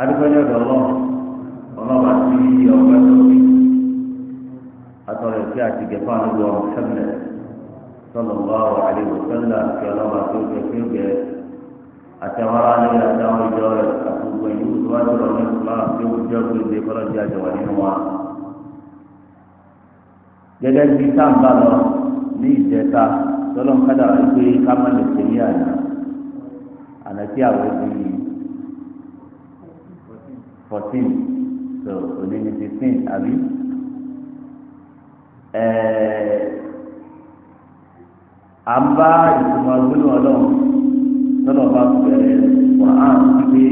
adúgbòjọ dọlọ ọlọba tí ọgbà tóbi atọrọ ìfẹ́ àti gẹfà níbi ọ̀rọ̀ sẹmẹ sọlọ bá wà àdéhùn sẹlẹ àti ọlọba tó gẹ tó gẹ àti àwọn aráàlú àti àwọn ìjọ rẹ àti gbogbo ìlú tó wá dúró ní ìfúláwà tí ó jẹ kó ìdè kọlọjì àjọwà nínú wa. gẹ́gẹ́ bí sáǹbà lọ ní ìjẹta tọlọmọkadà wípé ká má lè tẹ̀lé àná àná tí àwọn ẹbí yìí fourteen so òní ni fifteen àbí à ń bá ìtumọ̀ gbólóhùn ọlọ́run tọ́lọ̀ bá bẹ̀rẹ̀ wàhán pé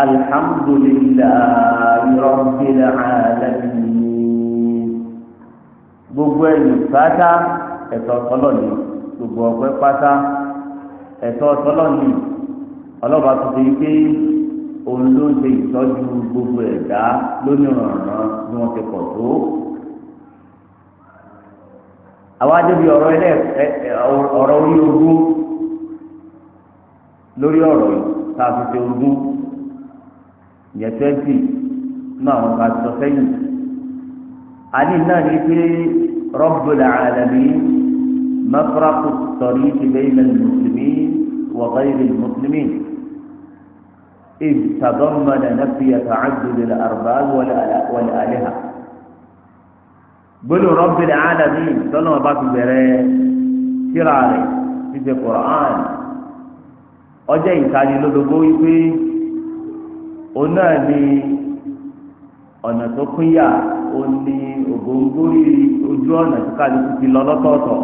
alihamudulilayi rabbil alamin gbogbo ẹ̀yìn pátá ẹ̀tọ́ ọ̀tọ́lọ́ọ̀ni gbogbo ọ̀pẹ pátá ẹ̀tọ́ ọ̀tọ́lọ́ọ̀ni ọlọ́ba tuntun yìí pé òun ló ń ṣe ìtọ́jú gbogbo ẹ̀dá lónìrànràn bí wọ́n ti pọ̀ tó. àwọn adébí ọ̀rọ̀ ilé ọ̀rọ̀ orí ogún lórí ọ̀rọ̀ yìí tá a fi ṣe ogún yẹn twenty náà àwọn kan sọ sẹ́yìn. àní náà ní pé Rabbul Alamin mafraqu at-tariqi bayna al-muslimin wa ghayri al إذ تضمن نفي تعدد الأرباب والآلهة بل رب العالمين صلوا بات بري سيراري في القرآن أجي تاني لدبوي في أناني ọ̀nà tó kúnyà ó ní ògóńgó ojú ọ̀nà tó kálukú ti lọ lọ́tọ̀ọ̀tọ̀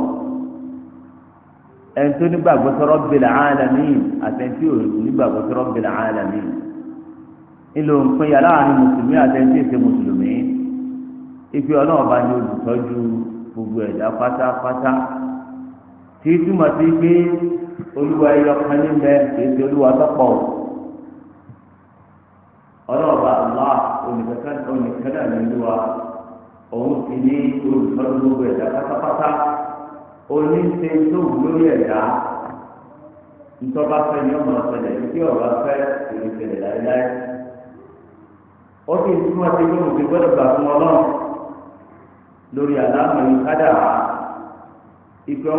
ẹnitó nígbàgbọ́ sí Rabbil Alamin àtẹ̀ntì òòlù nígbàgbọ́ sí Rabbil Alamin ńlò nǹkan yàrá àárín mùsùlùmí àtẹ̀ntì èsè mùsùlùmí ìfi ọlọ́run bá ní olùtọ́jú gbogbo ẹ̀dá pátápátá tí túmọ̀ sí pé olúwa ẹyọ kan níbẹ̀ kìí ṣe olúwa tọ́pọ̀ o ọlọ́run bá Allah onìkan olúwa òun sì ní olùtọ́jú gbogbo ẹ̀dá pátápátá. onye tó wù lórí ẹ̀dá ntọ́ba fẹ́ ni ọmọ ọ̀sẹ̀lẹ̀ tí ọ̀rọ̀ afẹ́ èrè ṣẹlẹ̀ láéláé ó sì túmọ̀ sí pé òun gbọ́dọ̀ gbà fún ọ lórí àlámọ̀ yìí kádà ìpè nínú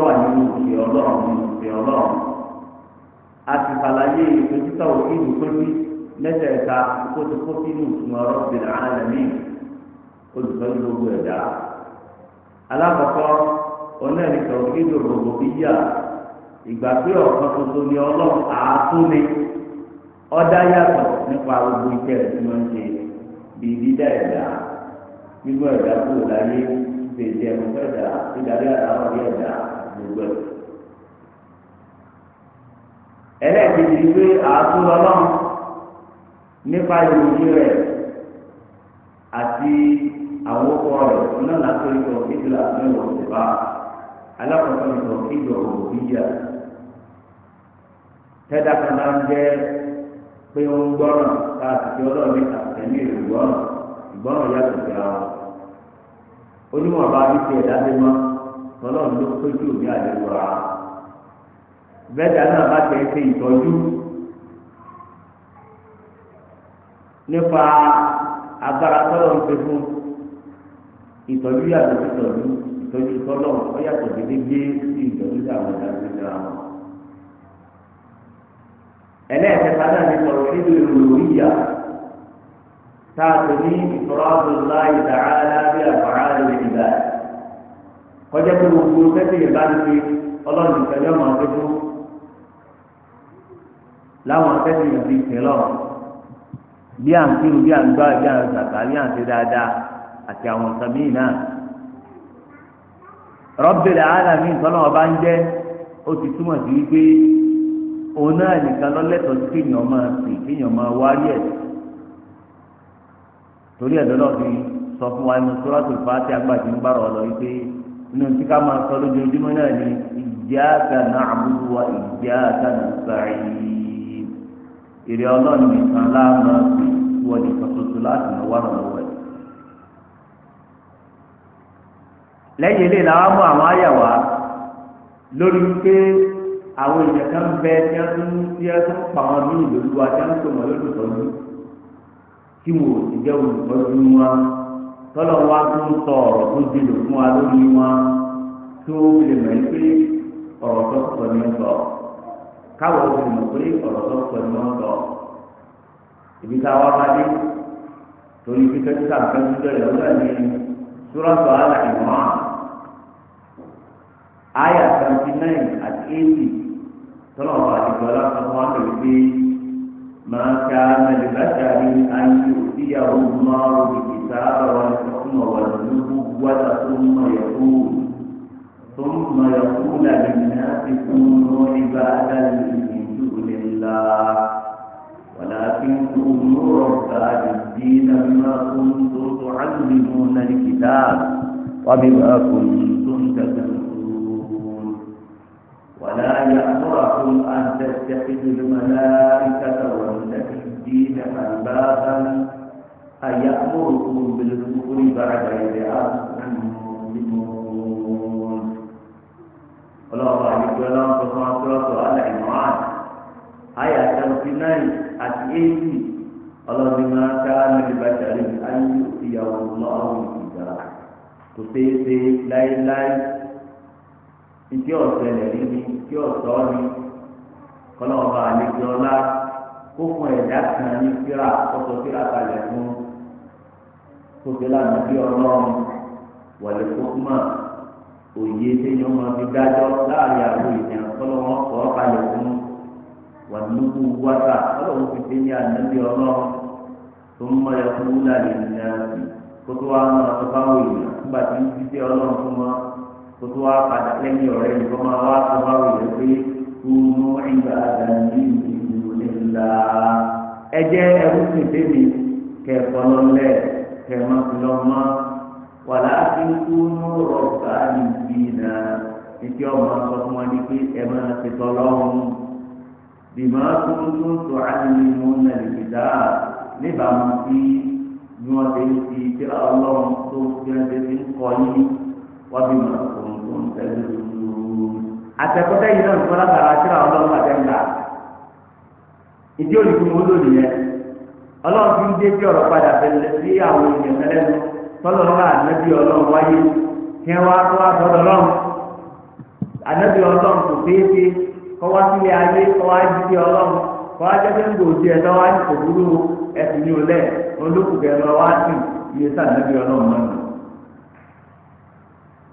ọlọ́run nínú ọlọ́run a ti ṣàlàyé ìpè títà sínú ìtumọ̀ onáàlì tọ̀gídò rògbòbíyà ìgbà pé ọ̀kan tuntun ni ọlọ́run ni ọ̀dá yàtọ̀ nípa gbogbo iṣẹ́ rẹ̀ tí wọ́n ń ṣe bíi dídá ẹ̀dá mímú ẹ̀dá kúrò láyé fèsì ẹ̀mú àtàwọn ọ̀dí ẹ̀dá gbogbo ẹ̀. ẹlẹ́ẹ̀kejì ni pé nípa ìròyìn rẹ̀ àti àwọn ọkọ rẹ̀ ìdílé àti alákọ̀ọ́kọ́ ni sọ̀rọ̀ kí ìjọba ò bí yà tẹ́dá kan máa ń jẹ́ pé ó ń gbọ́ràn ká àti ọlọ́run ní àtẹ̀lé ìgbọ́ràn ìgbọ́ràn yàtọ̀ sí ara onímọ̀ bá bí tiẹ̀ dáadé mọ́ ọlọ́run ló péjú ní àdéhùn ra bẹ́ẹ̀dá náà bá tẹ̀ ṣe ìtọ́jú nípa agbára tọ́lọ̀ ń pe fún ìtọ́jú yàtọ̀ sí ìtọ́jú ìtọ́jú tọ́lọ̀ ọ yàtọ̀ gédégbé sí ìtọ́jú àwọn ìdájọ́ ìjọra wọn. ẹlẹ́ẹ̀kẹta náà ní sọ̀rọ̀ nínú ìròyìn ìyá táàtò ní ìtọ́rọ̀ àbúlá ìdáhàlá bí àbára rẹ̀ ìgbà kọjá pé gbogbo tẹ́tí ìbá ń pe ọlọ́run ìtẹ́jọ́ máa ń tó láwọn tẹ́tí ìbí tẹ́lọ̀ bí à ń kírun bí à ń gbá bí à ń sàkà bí à ń ṣe dáadáa àti àwọn nǹkan míì náà. Rabbil alamin tọ́lọ́ ọba ń jẹ́ ó ti túmọ̀ sí wípé òun náà nìkan lọ́lẹ́tọ̀ọ́ sí kéèyàn máa sìn kéèyàn máa wárí ẹ̀ torí ẹ̀dọ́ náà fi sọ fún wa ní Suratul Fatiha àgbàdì ń bára ọ̀lọ́ wípé inú tí ká máa sọ lójoojúmọ́ náà ni iyyaka na'budu wa iyyaka nasta'in ìrẹ̀ ọlọ́run nìkan láàmú wọ́n ní sọ̀tọ̀tọ̀ láti náà wà lọ́wọ́. lẹ́yìn ilé làwọn mú àwọn àyàwá lórí pé àwọn èèyàn kan bẹ tí wọ́n tún tí wọ́n tún pa wọn ní ìlú wa tí wọ́n tún wọn lórí ìtọ́jú tí wọn ò sì jẹ́ olùtọ́jú wọn tọ́lọ̀ wa tún sọ ọ̀rọ̀ tó di lò fún wa lórí wọn tó lè mọ̀ pé ọ̀rọ̀ tó sọ ni wọ́n sọ káwọn ò lè mọ̀ pé ọ̀rọ̀ tó sọ ni wọ́n ibi tá a wá bá dé torí pé kẹ́kẹ́ sáà kẹ́kẹ́ tó dẹ̀rẹ̀ ó dẹ̀ ní sùrọ̀tọ̀ àlàyé wọn. àyà seventy nine àti eighty tọ́lọ̀ wà ìgbà lásán wọn lè fi máa ka nàìjíríà bàtàrí àyè òdìyàwó máa ń rògbì kìtà àwọn ìfọ̀kùnmọ̀ wà lóko wàtà tó ń mọ̀ yẹ kó ثم يقول للناس كونوا عبادا من دون الله ولكن كونوا ربانيين بما كنتم تعلمون الكتاب وبما كنتم ولا يأمركم أن تتخذوا الملائكة والنبيين أربابا أيأمركم بالكفر بعد إذ أنتم مؤمنون الله عليك ولا تصنع سورة آل عمران آية 79 at 80 Allah bima kana li basharin an yu'tiyahu Allahu al-kitab kò ṣeé ṣe láéláé ìdí ọ̀sẹ̀ lẹ́yìn ní tí ọ̀tọ̀ ni kọlọ́ọ̀bà àlejò ọlá kó fún ẹ̀dá kan ní fíra ọ̀tọ̀ fíra kalẹ̀ fún tóbi lánàá bí ọlọ́run wọlé kókúmà òye téèyàn máa fi dájọ́ láàrin àwọn èèyàn kọlọ́wọ́n kọ́ kalẹ̀ fún wà nínú wáta kọlọ́wọ́n fi dé ní ànábì ọlọ́run tó ń mọ ẹkú lálẹ́ ìrìnàjò kótó wa máa tó bá wò èèyàn nígbà tí ń fi dé ọlọ́run fún wọn tó wá padà lẹ́yìn ọ̀rẹ́ nǹkan máa wá tó bá wù yẹn pé kúnú ìgbà àdàmì ìlú nílá. ẹ jẹ́ ẹrú sì débi kẹ̀kọ́ lọ́lẹ̀ kẹ̀mọ́ sí lọ́mọ́ wàlá kí kúnú rọ̀bà nìbí náà ìdí ọmọ sọ fún wọn ní pé ẹ máa ti tọ́ lọ́hùn. bìmọ̀ tuntun tó àdìmí mú nàìjíríà níbàámu sí bí wọ́n ti ń fi tíra ọlọ́run tó fi ń kọ yìí wọ́n bí wọn tẹ̀lé àtẹ̀kọ́tẹ́ yìí náà nìkan lágbára síra ọlọ́run àtẹ̀ńgà ìdí òyìnbó mo lò nìyẹn ọlọ́run fi ń dé bí ọ̀rọ̀ padà bẹ̀rẹ̀ sí àwọn èèyàn mẹ́lẹ́nu tọ́lọ́lá ànábì ọlọ́run wáyé kí wọ́n á tó wá sọ́dọ̀ ọlọ́run ànábì ọlọ́run kò déédé kọ́ wá sílé ayé kọ́ wá jíjẹ́ ọlọ́run kọ́ wá jẹ́jẹ́ ń gbò ẹ̀ lọ́wọ́ ní kò ẹ̀sìn ní olẹ́ olókùnkẹ́ lọ́wọ́ á sì iye sí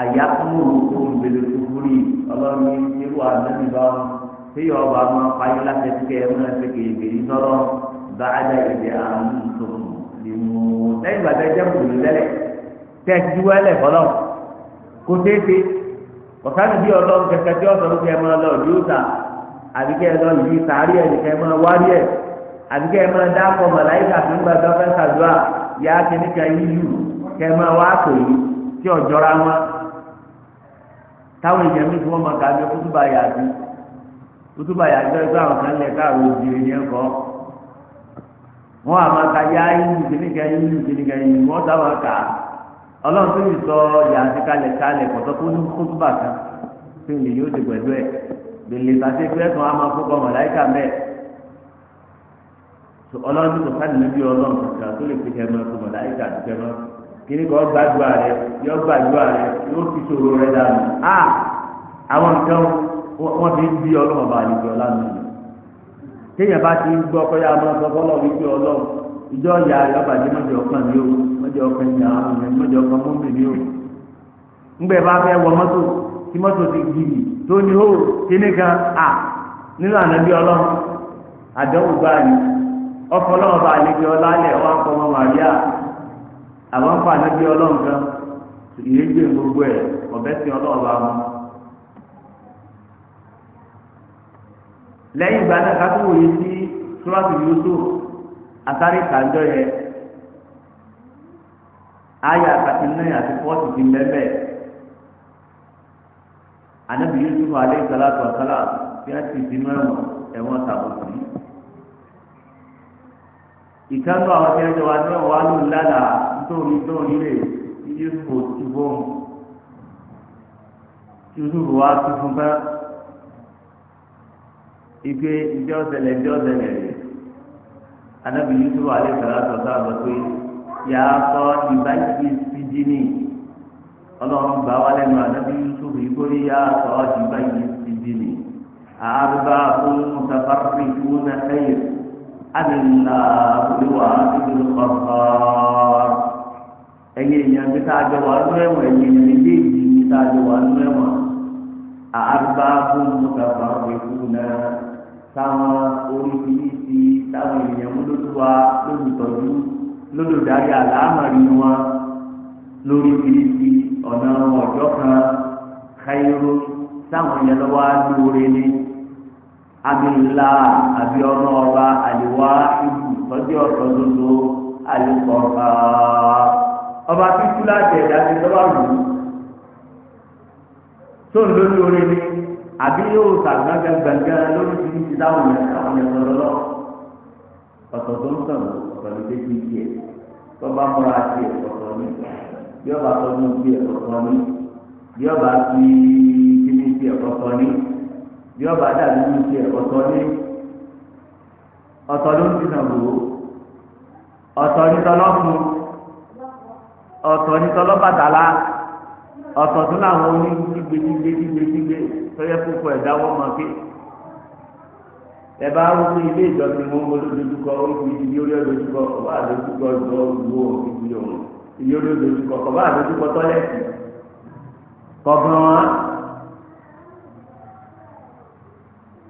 àyàkúrò òǹgbèlè kúkúrì ọlọ́ni irú àdánì bá wọn tíyọ̀ ọba máa fayé láti ẹ̀kẹ́ ẹ̀ máa ṣe kéèké ìtọ́rọ̀ báyà ìdè àánú tó lè mú un. lẹ́yìn ìgbà tẹ́ jẹ́ kùnú lẹ́lẹ̀ tẹ́ ẹ ti wẹ́lẹ̀ fọlọ́ kó téèké ọ̀sán ìdí ọlọ́run kẹ̀kẹ́ tí ọ̀sán ló kẹ́ máa lọ yóò tà àbíkẹ́ ẹ lọ yìí sàárì ẹ̀ nìkẹ́ máa wárí ẹ máa dáàbò màláìkà tó ń gbà táwọn èèyàn mi tí wọ́n máa gàdé kútùbà yàgbé kútùbà yàgbé ẹgbẹ́ àwọn kan lẹ̀ káàró òjìrì ní ẹ̀kọ́ wọ́n á máa ka yá yíyí kìnnìkan yíyí kìnnìkan yíyí wọ́n táwọn kà á ka tó yìí sọ yàgbé kalẹ̀ kó ní kútùbà kan tó yóò ti á máa tó kìíní kan gbàdúrà rẹ yọ ya ọ yóò fi ṣòro rẹ dànù a àwọn nǹkan wọn fi ń bí ọlọ́mọba àlejò ọlánà téèyàn bá ti ń gbọ́ kọ́yà máa sọ fọ́lọ́ wípé ọlọ́run ìjọ ìyá mọ́jọ ọkàn mọ́jọ ọkàn ìyá àwọn ọmọ mọ́jọ ọkàn ńgbẹ́ bá fẹ́ wọ mọ́tò tí mọ́tò ti gbìyì tó ní ó kíní kan à nínú ànábí ọlọ́run ọkọ̀ ọlọ́run bá àwọn afọ ànábi ọlọ́run kan ìrẹ́gbẹ́ gbogbo ẹ̀ ọ̀bẹ sí ọlọ́run bá wọn. lẹ́yìn ìgbà náà kátó wòye sí sùràtù Yusuf àtàrí kàńjọ yẹn àyà àtàkì náà àti fọ́ọ̀tù ti mẹ́mẹ́ ànábi Yusuf alayhi salatu wa salam bí a ti di mẹ́wọ̀n ẹ̀wọ̀n tàbùkù ìkànnì àwọn tí wọ́n jọ wá ní ọ̀wá ló ń atoni doni le Yusufu ti bom Yusufu wa ti fún bá ike ìjọ ṣẹlẹ̀ ìjọ ṣẹlẹ̀ rẹ anabi Yusufu alẹ sara sọsọ àgbà pé yà á sọ ìbáyìí ti jí ní Ọlọ́run gbà wá lẹ́nu anabi Yusufu yìí kó ní yà á ti ní àbá fún mùsàfàrì fún nàkẹyìn àdìlà olúwa ìdúró kọkọọ ẹ̀yin èèyàn bí tá a jọ wà nú ẹ̀wọ̀n ẹ̀yin èèyàn méjèèjì bí tá a jọ wà nú ẹ̀wọ̀n àgbà fún bàbá òkú náà táwọn oríṣiríṣi táwọn èèyàn mú lójú wa lólùtọ́jú lólùdarí àlámàrí wa lóríṣiríṣi ọ̀nà ọ̀jọ́ kan káyọ̀rọ̀ táwọn yẹn lọ́wọ́ lóore ni amìlá àbí ọba àlewá ibù tọ́jú ọ̀tọ̀ lóso ọba kíkú láti ẹ̀dá ti tọ́ba wù ú tó ń lójú orí ni àbí yóò sàgbàgbà gbàngàn lórí ti ní ti dáhùn yẹn táwọn yẹn lọ lọ ọ̀tọ̀ tó ń sàn ọ̀tọ̀ ló dé kí n tiẹ̀ tọ́ba múra tiẹ̀ ọ̀tọ̀ ni bí ọba tó ń tiẹ̀ ọ̀tọ̀ ni bí ọba ti ti ní tiẹ̀ ọ̀tọ̀ ni bí ọba dàbí ní tiẹ̀ ọ̀tọ̀ ni ọ̀tọ̀ ló ń ti nà wò ọ̀tọ̀ ní tọ́lọ́kùn ọ̀tọ̀ ní tọlọ́bàtàlá ọ̀tọ̀ tún làwọn oní gbígbé gbígbé gbígbé tọ́yẹ púpọ̀ ẹ̀dá wọ́n mọ̀ ké ẹ̀bá wọ́pẹ́ ilé ìjọsìn wọn wọ́n lójúkọ orí ibi orí ọ̀dọ́júkọ ọba àdójúkọ ìjọ ìwọ ìbí òun ibi orí ọ̀dọ́júkọ ọba àdójúkọ tọ́lẹ̀tì kọ̀ọ̀kan wọn.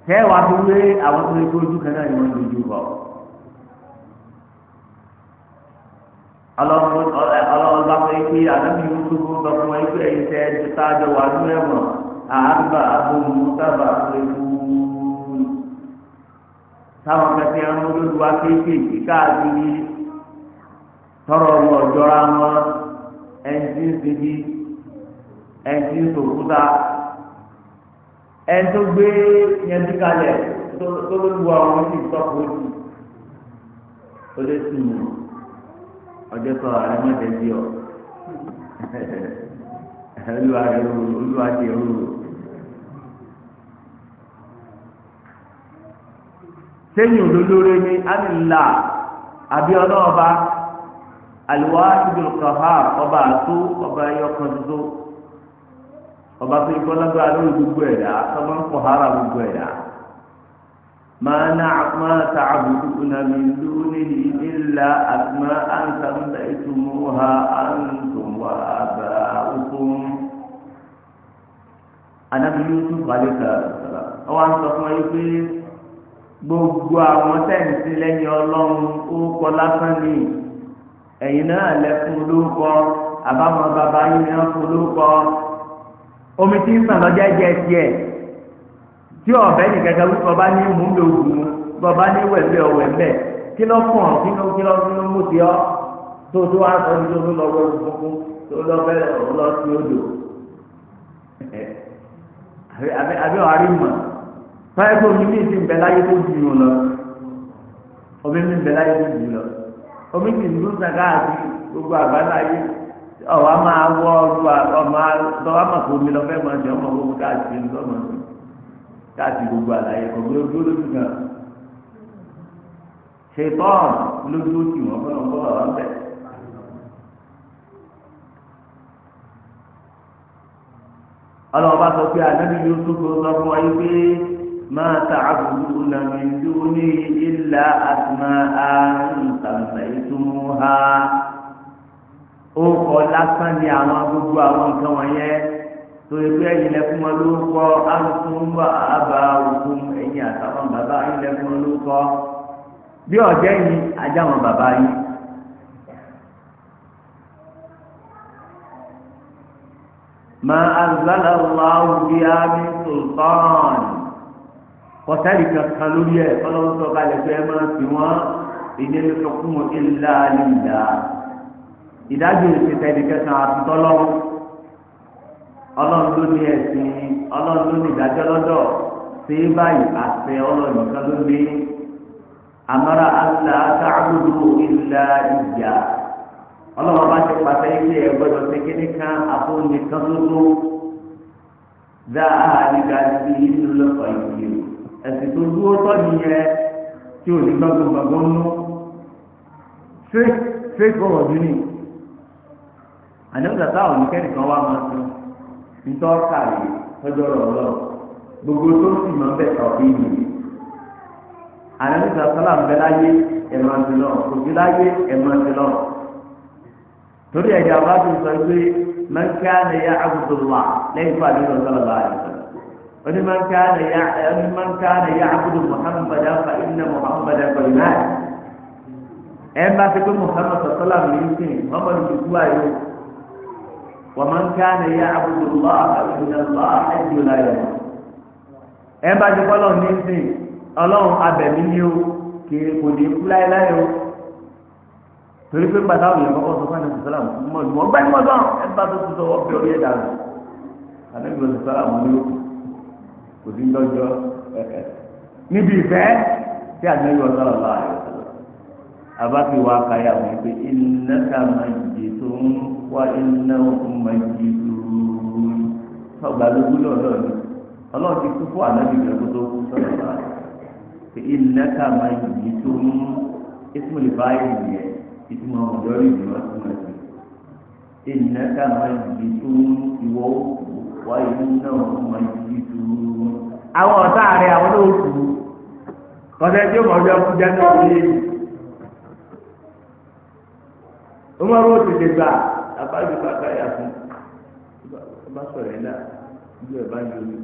tẹ́wàá fi wé àwọn tó lè kó ojú kan náà ni wọ́n lójúkọ. ọlọ́run bá fẹ́ pé àdàbí yusuf bá fún ẹ pé ẹ̀yin tẹ́ ẹ tá a jọ wà ní ẹ̀wọ̀n àgbà abomu sábà pé fún táwọn kẹsì ẹran olódùá kéékèèké káàkiri tọrọ ọmọ ọjọra wọn ẹnjí ń sigi ẹnjí ń sòkúta ẹn tó gbé yẹn bí kalẹ̀ tó lóluwà wọn sì tọkọ ojú ó lé sí mi. ọjọ́ kọ́ ndị mọ́tẹ́ bí ọ olúwa ti rú olúwa ti rú. sẹ́yìn olólórí ni amìlá àbí ọlọ́ọ̀ba àlùwá ìdúnkọ̀ọ́há ọba àtó ọba ẹyọkan tó ọba tó ikọ́ lágbára lórí gbogbo ẹ̀dá tọ́gbọ́n kọ̀ọ́hárà gbogbo ẹ̀dá. ما ما تعبدون من دونه إلا أسماء سميتموها أنتم وآباؤكم anabi yusuf aleṣala ọwọ àwọn sọ fún ẹ pé gbogbo àwọn tẹ̀sí lẹ́yìn ọlọ́run ó kọ́ lásán ni ẹ̀yin náà lẹ́fún olóko àbámọ́ bàbá yìí náà fún olóko omi tí ń sàn lọ́jà jẹ́ tiẹ̀ tí ọ̀bẹ nìkẹ́kẹ́ wí bọ́ba ní mú lè wù ú bọ́ba ní wẹ̀lẹ́ ọ̀wẹ̀ mbẹ́ kí ló kàn ọ́ kí ló kí ló kí ló mú ti ọ́ tó tó wá sọ ní tó lọ wọ ìfúnfún tó lọ bẹ lọ sí odò àbí ọ̀hárí mọ̀ báyìí tó ní bí ìsìn bẹ láyé tó jù ú lọ omi mi bẹ láyé tó jù ú lọ omi ti dùn sàgá àti gbogbo àbáláyé ọ̀wá máa wọ ọ̀dùn ọ̀mà tọ́wá màkò mi lọ fẹ́ máa jẹ́ ọmọ gbogbo káàkiri lọ́mọdé káàtì gbogbo àlàyé kò gbé ojú lójú gan ṣetán lójú tì wọn fún ọgbọ ọ̀rọ̀ ń bẹ. ọlọ́wọ́ sọ pé ànábì Yusuf sọ fún wáyé pé máa ta àbùkù nàmì dúní ìlà àtúmọ̀ àǹtàǹtà ìtumú ha ó kọ lásán ní àwọn gbogbo àwọn nǹkan wọ̀nyẹn torí pé ẹ̀yin lẹkùn wọn ló kọ alùpùpù àbá òkú ẹ̀yin àtàwọn bàbá ẹ̀yin lẹkùn bí ọjọ́ yìí ajá wọn bàbá yìí. ما أنزل الله بها من سلطان kọtàlì kankan lórí ẹ fọlọ́wọ́ sọ́ka lẹ́gbẹ́ ẹ máa fi wọ́n ìdí ní sọkún ìlà nílà ìdájọ́ ìṣètẹ́lẹ̀ kẹsàn-án àti tọ́lọ́wọ́ ọlọ́run ló ní ẹ̀sìn ọlọ́run ló ní ìdájọ́ lọ́dọ̀ ṣé báyìí àṣẹ ọlọ́run nìkan ló ní àmọ́ra àṣà káàbùdù ìlà ìjà ọlọ́run bá ti pàṣẹ ilé ẹ̀ gbọ́dọ̀ ṣe kí nìkan àfọ̀nìkan lódó dá àhàlìkà sí inú lọ́kọ̀ ìdí ẹ̀sìn tó dúró tọ́ nìyẹn tí ò ní gbọ́dọ̀ gbọ́dọ̀ nú fake fake ọ̀rọ̀ dúnì àdéhùn tàtà òní kẹ́nìkan wá máa tún ntọ́ kàlí tọ́jọ́ lọ́lọ́ gbogbo tó sì máa ń bẹ̀ tọ́ bí mi. àlẹ́ nígbà sọ́lá ń bẹ láyé ẹ̀mọ́ ti lọ òbí láyé ẹ̀mọ́ ti lọ. torí ẹ̀jẹ̀ àbá ti sọ pé mẹ́ńkà ni yá abudulwa lẹ́yìn fún àdúgbò sọ́lá bá rẹ̀ sọ. oní mẹ́ńkà ni yá oní mẹ́ńkà ni yá abudu muhammad afa inna muhammad afa iná. ẹ̀ bá ti pé muhammad sọ́lá mi ń sìn mọ́mọ́dé ti kú àyè ومن كان يعبد الله فإن الله حي لا يموت ẹ bá ti kọ́lọ̀ ní sìn ọlọ́run abẹ̀mí ni ó kiri kò ní kú láéláé o torí pé pàtà òyìnbó kọ́kọ́ sọ fún ẹnìkan sọ́lá mọ̀ ní wọ́n gbá ní mọ́tọ́ ẹ bá tó tó wọ́n fi orí ẹ̀dá rẹ̀ àdéhùn ọ̀sẹ̀ sọ́lá mọ̀ ní òkú kò sí ń dọ́jọ́ níbi ìfẹ́ tí àdéhùn sọ́lá mọ̀ abáfi wá káyà wọn pé innaka majitun wa innahum majitun tọ́gbà lógún lọ́dọ̀ ni ọlọ́run ti kú fún ànábì rẹ̀ kó tó kú sọ̀rọ̀ bá pé innaka majitun ismu lè báyìí nìyẹn ìtumọ̀ ọ̀dọ́ rí ìdùnnú ọ̀túnmọ̀ sí innaka majitun ìwọ wa innahum majitun. àwọn ọ̀tá rẹ̀ àwọn olóòtú kọ́sẹ́ tí ó mọ̀ ọjọ́ kú jẹ́ náà Umar wo tètè gbà abájú bàtà yà fún ọba sọ̀rọ̀ yẹn náà ìlú ẹ̀ bá ń yọ ní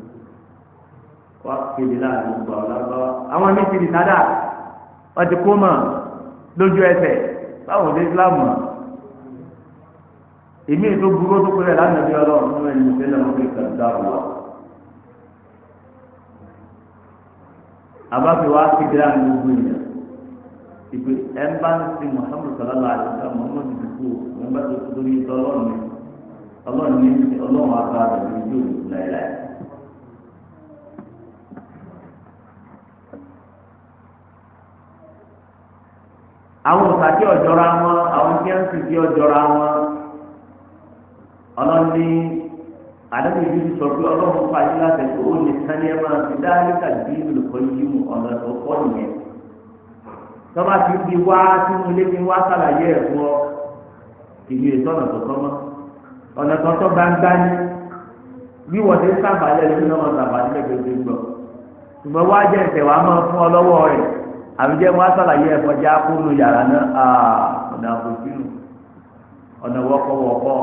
wà kéde láàrin gbogbo àwọn lábáwá àwọn ní ti nìtàdà wọ́n ti kó mọ̀ lójú ẹsẹ̀ báwo lè Islam mọ̀ èmi ètò burú tó kúrẹ̀ lánàá bí ọlọ́run nínú ẹni ìfẹ́lẹ̀ wọn fi kàn dá wọn. àbáfi wá kéde láàrin gbogbo ènìyàn ìpè ẹ̀ ń bá ń sin muhammed sallallahu alayhi wa sallam muhammed dùkú ẹ̀ ń bá tó tó ní ọlọ́run ní ọlọ́run ní ọlọ́run àgbà rẹ̀ ní ojú òkú láìláì. àwọn òsàkí ọ̀jọ́ra wọn àwọn tí wọ́n sì kí ọ̀jọ́ra wọn ọlọ́ni àdébí yìí sọ pé ọlọ́run fàyè láti ẹ̀kọ́ ó lè tán ní ẹ̀ máa fi dáhìí kàdí ìlú kan yìí mu ọ̀nà tó kọ́ nìyẹn tọ́ba ti fi wá sínú ilé fi wá sàlàyé ẹ̀ fún ọ ìlú ètò ọ̀nà tó tọ́mọ́ ọ̀nà tó tọ́ gbangba ni bí wọ́n ti ń sàbàlẹ̀ lórí náà wọ́n sàbàlẹ̀ lẹ́gbẹ̀ẹ́ gbọ́ ṣùgbọ́n wá jẹ́ ìtẹ̀ wàá máa fún ọ lọ́wọ́ rẹ̀ àbíjẹ́ wọ́n á sàlàyé ẹ̀fọ́ jẹ́ akóno yàrá náà ọ̀nà àbòsínú ọ̀nà wọ́kọ̀wọ́kọ̀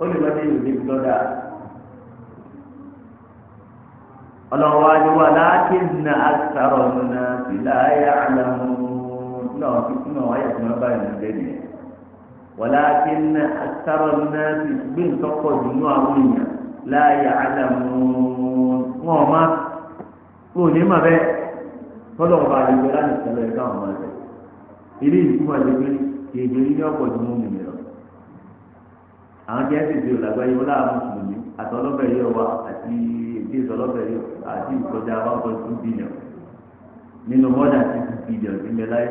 ó lè lọ́dẹ ìlú débi lọ́dà. ọ̀nà wa ni nà àkàrọ̀ nà náà náà wáyà tí wọ́n bá yẹn lọ lẹ́nu yẹn wọ́lá kí n ná asárọ̀ náà ti gbé nǹkan pọ̀ jù nínú àwọn èèyàn láàyè àdàmú wọn ò má wọn ò ní mà bẹ́ẹ̀ tọ́lọ̀ ọba àdìgbò láti sọ̀rọ̀ ẹ̀ka ọ̀ma rẹ̀ ilé ìtumọ̀ àdìgbò kéde ní ọ̀pọ̀ jù mú mi nìyẹn àwọn tí wọ́n ti di wọn láàmú mùsùlùmí àtọ́lọ́bẹ̀ yẹ wa àti èdè ìsọlọ́bẹ̀ yẹ àti ìkọjá one point two billion nínú more than six billion ti mẹ́láyé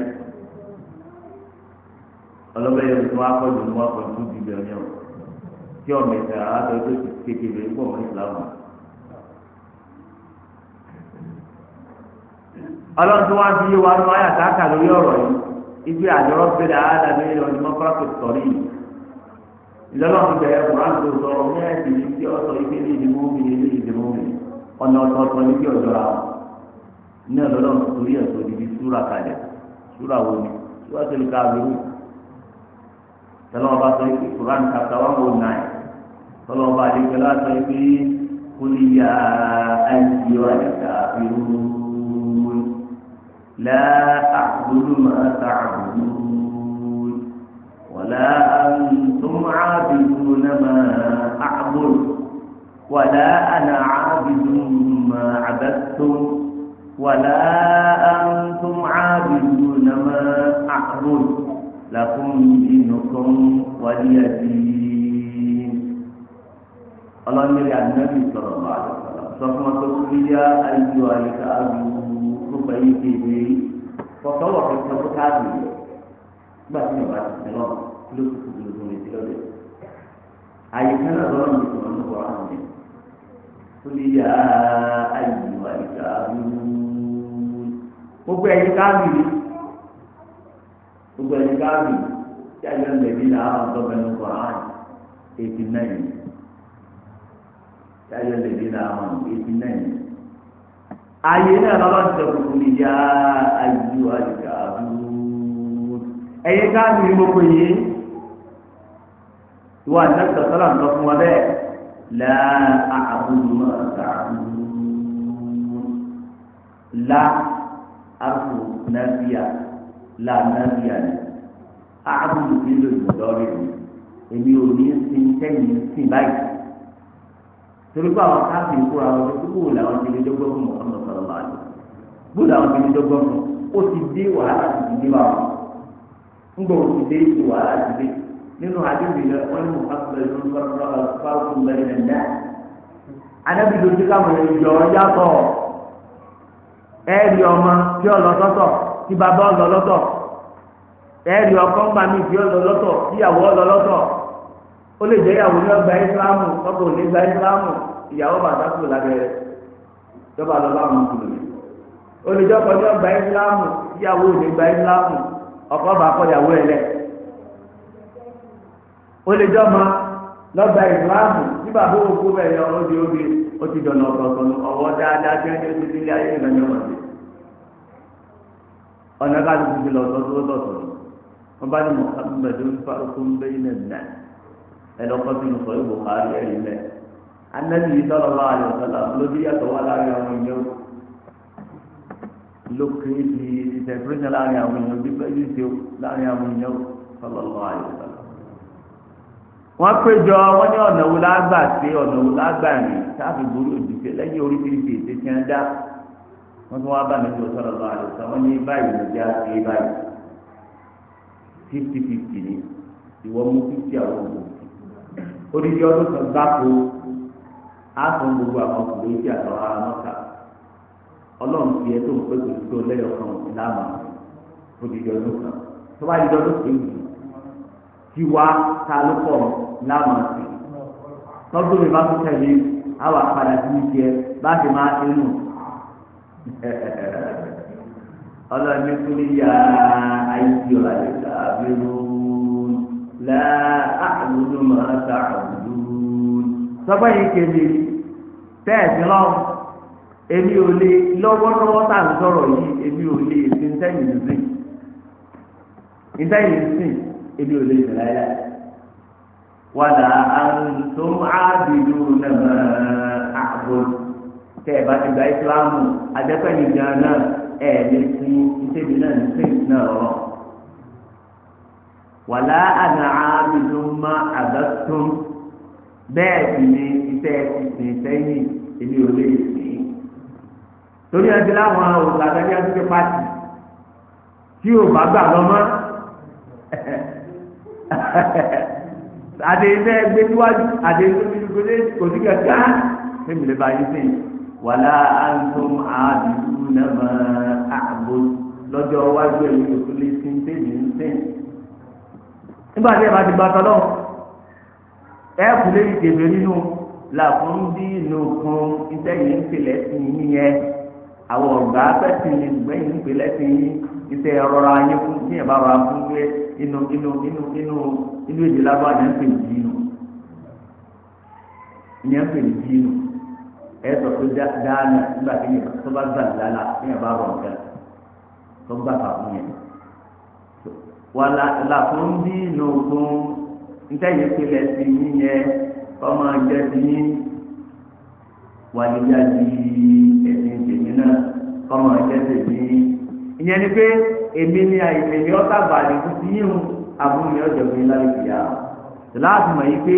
ọlọ́mọdé yẹn tó wá pọ̀jù ní one point two billion yẹn o tí ọmọ ìta àtọ̀ tó ti tètè bẹ̀rẹ̀ pọ̀ mọ́ ìsìlámù. ọlọ́run tó wá ń fi yé wa ní wáyà sáàkà lórí ọ̀rọ̀ yìí ibi àjọrọ̀ bẹ̀rẹ̀ àádàbí ọdún mọ́kànlá sọ̀rí ìlọ́lọ́run bẹ̀rẹ̀ kùrán tó sọ̀rọ̀ ní ẹ̀sìn ní tí ọ̀sọ̀ ibi ní ìdìbò mi ní ìdìbò mi ọ̀nà ọ̀tọ̀ọ̀tọ̀ ní bí ọ̀jọ̀ra wọn ní ọ̀lọ́run torí ẹ̀sọ́ ìdìbí súrà kalẹ̀ súrà wo ni súrà tó lè ká lóhùn tọ́lọ́wọ́ bá sọ pé Quran chapter one oh nine tọ́lọ́wọ́ bá dé pẹ̀lú àtọ́ pé kúlíyà àìsí ọ̀yàtà irú la àbúrò máa ta àbúrò wàlá àtúntò àbìrò náà máa àbúrò wàlá àná àbìrò máa àbẹ́tò wàlá àtúntò àbìrò náà máa àbúrò lakum dinukum waliya din ọlọ́nyẹ̀rẹ̀ anabi sọ̀rọ̀ bá sọ fún wa pé wíyá ayélujára àyíká alu tó bá yí kéde fọ̀tọ̀wọ̀ kẹsàn-án tó káàdì gbà tí yàrá ti sẹ́lọ̀ kí ló ti kú gbogbo ètò ọ̀dẹ̀ àyíká náà lọ́rọ̀ mi sọ̀rọ̀ ní wàhálà mi wíyá ayélujára àyíká alu gbogbo ẹ̀yíká mi gbogbo ẹni káàbì tí a yọ lẹ́bí là á tó bẹnu koran eighty nine tí a yọ lẹ́bí là á eighty nine ayé náà lọ́wọ́ ti sọ kúkú ní yá ayú àyíká àbúrò ẹ̀yẹ káàbì ní gbogbo yìí ìwà àtẹ̀sọ̀ sọ́lá ń tọ́ fún wa bẹ́ẹ̀ là àbúrò máa ta àbúrò là àbúrò náà bíyà lànà bí a ní àbùdù nílò ìmọ̀lọ́rì mi èmi ò ní sin sẹ́yìn sin báyìí torí pé àwọn káàpì ń kóra wọn tó kúrò làwọn ti lè dọ́gbọ́n fún mọ̀ọ́mọ̀ sọ̀rọ̀ máa lò bó làwọn ti lè dọ́gbọ́n fún ó ti dé wàhálà ti ti dé wa wọn ńgbà ó ti dé ti wàhálà ti dé nínú àdébì rẹ wọn ní mọ̀ọ́mọ̀ ló ń kọ́ra fáwọn mẹ́rin ẹ̀ dá anábì ló ti káwọn èèyàn yàtọ̀ ẹ̀ẹ́dì ọmọ tí ọ tí bàbá ọlọ lọ́tọ̀ ẹẹrì ọkọ ńgbà mi ìdí ọlọ lọ́tọ̀ ìyàwó ọlọ lọ́tọ̀ ó lè jẹ ìyàwó ní ọgbà ìsìlámù ọkọ òní gba ìsìlámù ìyàwó bàtà kù lábẹrẹ ìjọba lọ bá wọn kùnú ó lè jẹ ọkọ ní ọgbà ìsìlámù ìyàwó òní gba ìsìlámù ọkọ bá kọ ìyàwó ẹ lẹ ó lè jọ ma lọgbà ìsìlámù tí bàbá òkú bẹ yọ di ó ó ti dọ̀nà ọ̀tọ̀ọ̀tọ̀ ọwọ́ dáadáa tí wọ́n ti ti ilé ayé ìlànà ìwọ̀n ọ̀nà ká ló fi lọ sọ́dún lọ́sọ̀ọ́ wọ́n bá ní Muhammad ń fa okun bẹ́yìn nà ẹ̀dọ́ kọ́sí ní sọ ìbò kárí ẹ̀rí mẹ́ anabi yìí sọ̀rọ̀ bá àlẹ́ ọ̀sán lójú yàtọ̀ wà láàrin àwọn èèyàn lókè di ìtẹ̀síwájú láàrin àwọn èèyàn bí bẹ́ẹ̀ ṣe láàrin àwọn èèyàn sọ̀rọ̀ bá àlẹ́ ọ̀sán wọ́n péjọ wọ́n ní ọ̀nà wo lágbà sí ọ̀nà wo lágbà rìn sáàfì borí òjì wọ́n tún wá bá mi tó sọ̀rọ̀ lọ́wọ́ àdìsá wọ́n ní báyìí ló já sí báyìí fifty fifty ni ìwọ mú fifty àwọn ọmọ odidi ọdún kan gbáko á sọ gbogbo àwọn ọkùnrin tí àtàwọn ará náà kà ọlọ́run fi ẹ tó ń pẹ́ tó tó lẹ́yọ̀ kan ìlànà odidi ọdún kan tó bá yíyọ ló kéwì tí wá ta ló pọ̀ láwọn àti tọ́jú mi bá tún tẹ̀lé àwọn àpàdà tí mi jẹ bá ti máa ń nù. ọlọ́ni kú ní yá ayé ọ̀làdé kábírú lá àbùdó máa ta àbùdó. sọ́gbà yìí kéde tẹ́ẹ̀sì lọ́wọ́ èmi ò lè lọ́wọ́lọ́wọ́ tá à ń sọ̀rọ̀ yìí èmi ò lè ṣe ń tẹ́yìn sìn ń tẹ́yìn sìn èmi ò lè ṣe láyà. wàdà àrùn tó ń ábìdó náà àbòrò tẹ ẹ bá ti gba ìsìláàmù àjẹpẹ́yìn gan náà ẹ lè fi ìṣèlú náà ní sèǹtì náà rọrùn. wàlá àná àmìlú má àgbàtún bẹ́ẹ̀ sì ni iṣẹ́ ìsìn sẹ́yìn èmi ò lè sìn. torí ẹbí láwọn òṣàtàkì àtúnṣe pàtì tí ò bá gbà lọ́mọ́ àdéhùn ẹgbẹ́ níwájú àdéhùn ẹgbẹ́ níwájú kò sí kẹ̀kẹ́ fẹ́mi lè ba yín sìn wàlá àǹtọ̀m àdúgbò náà máa àbò lọ́jọ́ iwájú ẹ̀yìn òkú lè sin tèmi ń sìn. nígbà tí ẹ bá ti gba tọ́lọ́ ẹ kù lè dèbè nínú làkún bí inú kun iṣẹ́ yìí ń pèlẹ́ sí i yẹn àwọn ọ̀gá fẹ́sìn ní gbẹ̀yìn ń sí i iṣẹ́ rọra yín fún bí ẹ bá rọra fún pé inú inú inú inú inú èdè lábọ́ àdéhùn pè ní bínú ìyẹn pè ní bínú ẹ sọ pé dáná nígbà tí yẹn tó bá gbà lálá yẹn bá rọ̀ nǹkan tó gbà fà fún yẹn. wà láfún bí nùkún ntẹ̀yìn pilẹ̀ sí yín yẹn ọmọ ẹgbẹ́ sí yín wà níyà di ẹ̀sìn tèmi náà ọmọ ẹgbẹ́ tèmi. ìyẹn ni pé èmi ni àìsè ni ọ́ sábà lè fún sí yín o àbúrò ni mi láì fìyà. láti mọ̀ yìí pé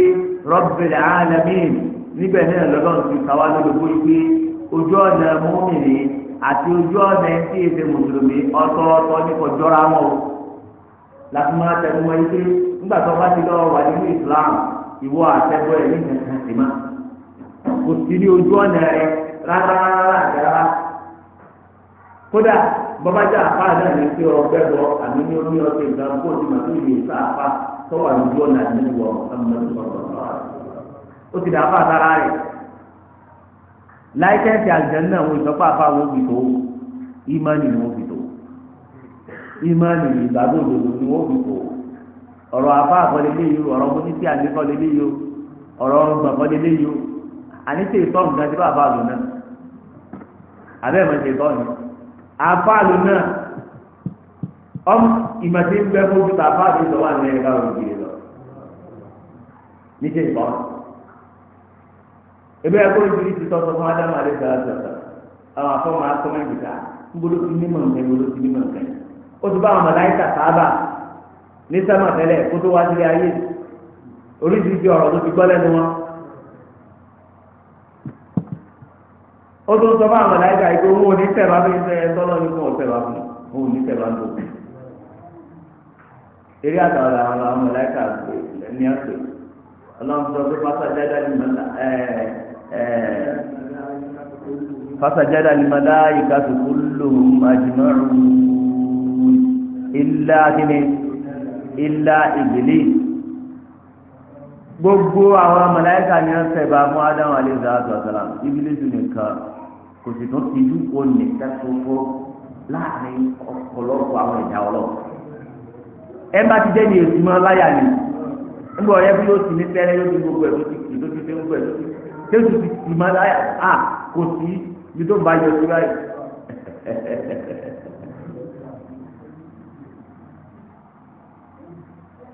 Rabbil alamin níbẹ̀ náà lọ́lọ́run ti kàwá lólobó yìí pé ojú ọ̀nà múmìnì àti ojú ọ̀nà tí èdè mùsùlùmí ọ̀tọ̀ọ̀tọ̀ ní kò jọra wọn o láti máa tẹnu wọn yìí pé nígbà tó bá ti lọ wà nínú Islam ìwọ àtẹ́gbọ́ ẹ̀ ní kankan sí ma kò sí ní ojú ọ̀nà rẹ rárárárá àjàrá kódà bọ́bájà àpá náà ní pé ọgbẹ́ bọ àmì ní omi ọ̀sẹ̀ ìgbà kó o ti mà tó ìlú ìsà àpá tọ́wọ́ àdúgbò náà nínú ọ̀ ó ti dàáfà sára rẹ̀ láìsẹ̀nsì àlùjánnà àwọn ìsọ́pá àfàwọ̀ òbí tó ìmánì ni wọ́n fi tó ìmánì ìgbàgbọ́ òdòdó ni wọ́n fi tó ọ̀rọ̀ àfà àkọlẹ̀ léyìí ọ̀rọ̀ mọ́nísí àdékọ́lẹ̀ léyìí ọ̀rọ̀ ọ̀gbàkọ́lẹ̀ léyìí àníṣe ìtọ́ nǹkan tí bàbá àlù náà abẹ́ẹ̀ mọ̀ ṣe ìtọ́ ni àfà àlù náà ọm ìmọ̀tí ń gbẹ́ fún bàbá àlù náà wà ní ẹ̀ka òkè ebe ya kó ibi ti tọ́tọ́ fún adamu alẹ́ gbàrà gbàrà àwọn afọ́mọ akọ́mẹ́ntì ká ńgbọ́dọ̀ ti mímọ̀ nǹkan ńgbọ́dọ̀ ti mímọ̀ nǹkan ó ti bá àwọn mọ̀láyíkà sábà ní sẹ́mà tẹ́lẹ̀ kó tó wá sílé ayé oríṣiríṣi ọ̀rọ̀ tó ti gbọ́ lẹ́nu wọn. ó tún sọ fún àwọn mọ̀láyíkà òun ò ní ẹ tọ́lọ́ ní fún òun ò ní Eh, fasajada al-malaikatu kulluhum ajma'un illa kíni illa iblis gbogbo àwọn màláíkà ni wọ́n sẹ̀bà mú ádámù alayhi salatu wa salam iblis nìkan kò sì tún ti dúpọ̀ nìkan ṣoṣo láàrin ọ̀pọ̀lọpọ̀ àwọn ìjà ọlọ́pàá ẹ má ti jẹ́ ní èsì mọ́ láyà ni ń bọ̀ ọ́ yẹ kí ti ní tẹ́lẹ̀ yóò ti gbogbo ẹ̀ ló ti kì ló ti dé gbogbo ẹ̀ ló ti kì jésù ti tì má láyà á kò sí ibi tó ń bá yọ sí láyà.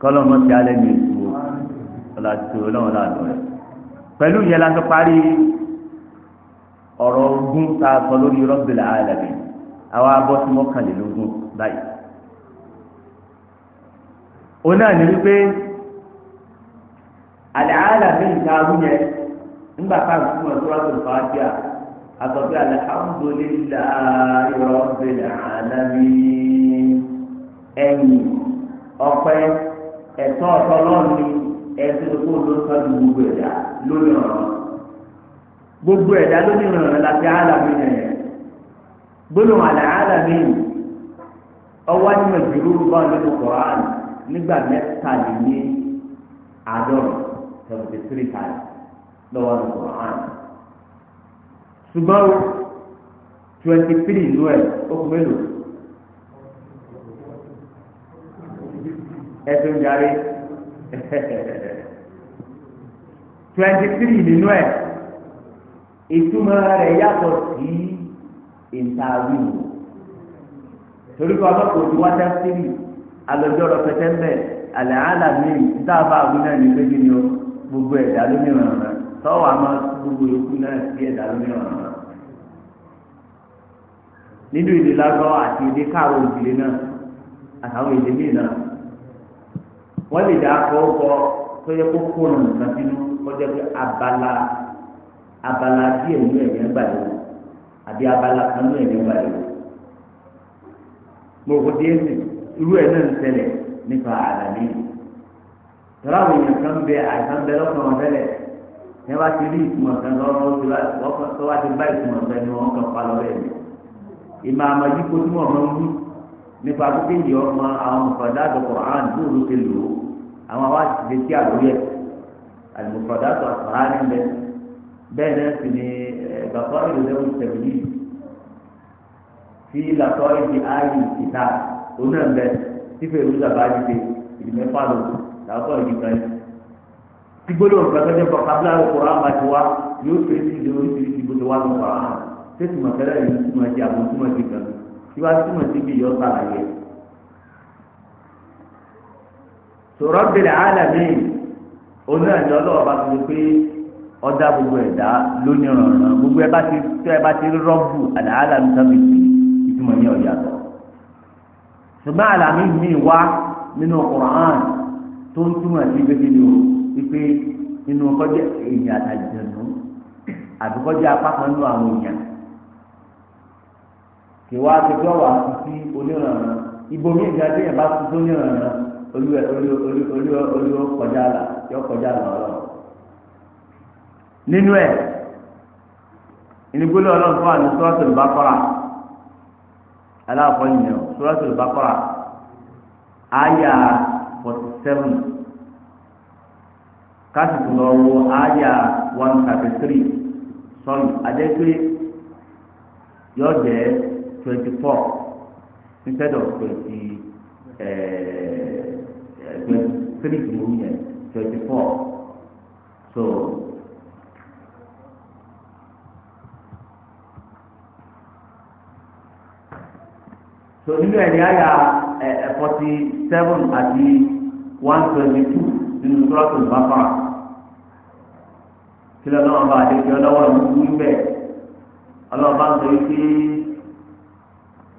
kọ́lọ́ mọ́ ti alẹ́ mi tu o ọ̀là tó lọ́wọ́ láàánú rẹ̀ pẹ̀lú ìyẹn la fi parí ọ̀rọ̀ ogún tá a sọ lórí rọ́bìlà àlàbí àwa abọ́ sí mọ́kànlélógún báyìí. òun náà ní wípé àlẹ́ àlàbí ìta arú yẹn. nígbà tá a gbúmọ̀ tó wàá tó fà á jà àtọ̀bí alihamudulilayi rabbil alamin ẹ̀yìn ọ̀pẹ ẹ̀tọ́ ọ̀tọ́lọ́ọ̀ni ẹ̀sìn kó ló ń sọ́dún gbogbo ẹ̀dá lórí ọ̀rọ̀ gbogbo ẹ̀dá lórí ọ̀rọ̀ láti àlàmì ẹ̀yẹ gbólóhùn ọwọ́ ní bá nígbà àádọ́rùn seventy three times. lọ́wọ́ ní Quran ṣùgbọ́n twenty three ìlú ẹ̀ ó kú mélòó ẹ̀sùn jàre twenty three nínú ẹ̀ ìtumọ̀ rẹ̀ yàtọ̀ sí ìtàwí torí kọ́ ọlọ́pàá òtún wá tẹ́sírì alọ́jọ́ rẹ̀ pẹ́tẹ́mbẹ̀ àlẹ́ àlàmì ìtàfà àbúlé ní pé ni o gbogbo ẹ̀dá ló ní ìrànlọ́. tọ́wọ́ a máa gbogbo ikú náà sí ẹ̀dá mìíràn náà nínú èdè lágbọ́ àti èdè káàrọ̀ òjìlé náà àtàwọn èdè míì náà wọ́n lè dá akọ tó yẹ kó kó nǹkan sínú kọjá pé abala abala díẹ̀ nínú àbí abala kan nínú mo kò irú ẹ̀ náà ń nípa tọ́lá àwọn èèyàn kan bẹ àìsàn bẹ lọ́kàn ní wá ti rí ìtumọ̀ kan lọ́wọ́ tó wá ti bá ìtumọ̀ kan ni wọ́n kàn pa lọ́wọ́ ẹ̀mí ìmọ̀ àmọ́ yìí kó tí wọ́n mọ̀ ń wí nípa pípé yìí ọmọ àwọn mùfàdá àdókòrò àwọn àdúró ti lò ó àwọn wá ti lè tí àlórí ẹ̀ àlùmùfàdá tó àkàrà ní bẹ bẹ́ẹ̀ náà sì ni bàbá ìlú lẹ́wọ̀n tẹ̀lé tí làtọ́ ìdí ayé ìta onáà ń bẹ tí fèrè yìí dé ìdí mẹ́fà lò làtọ́ ìdí kan yìí tí gbólóhùn gbàgbọ́dọ̀ bọ̀ kábílà òkúra máa ti wá yóò tó etí ìdè oríṣiríṣi bó ti wá lọ kọ́ra hàn tètè mọ̀ fẹ́rẹ́ yìí túmọ̀ sí àbò túmọ̀ sí gan tí wàá túmọ̀ sí bí yọ sàlàyé. sọ̀rọ̀ bẹ̀rẹ̀ àlàmì oní ẹ̀dọ́ ọlọ́wọ́ bá ti pé ọ̀dà gbogbo ẹ̀dá lónìí rànràn gbogbo ẹ̀ bá ti tẹ́ ẹ bá ti rọ́ọ̀bù àlàálàmì sábìtì ìtumọ̀ wípé inú kọjá èèyàn àtàjẹnù àbí kọjá apákan nínú àwọn èèyàn kìwá akẹkẹ ọwọ àtúntí onírànràn ibomi ìgbàdé yẹn bá tuntun onírànràn olú olú olú olú kọjá là yọ kọjá là ọlọ nínú ẹ ìnigbólé Ọlọ́run fún àná Suratul Baqara aláàfọ ìyẹn o Suratul Baqara àyà forty seven kásìkò lọ wo àyà one thirty three sọ́ọ̀lù adégbé yóò twenty four instead of twenty eh, eh, twenty three tí mo ń twenty four so. so nínú ẹ̀ ní àyà eh, forty seven àti one twenty two nínú sọ́ọ̀tù bàbá kí lọ́nà ọba àdéhùn ọlọ́wọ́ ìlú bẹ̀ ọlọ́ba ń sọ wípé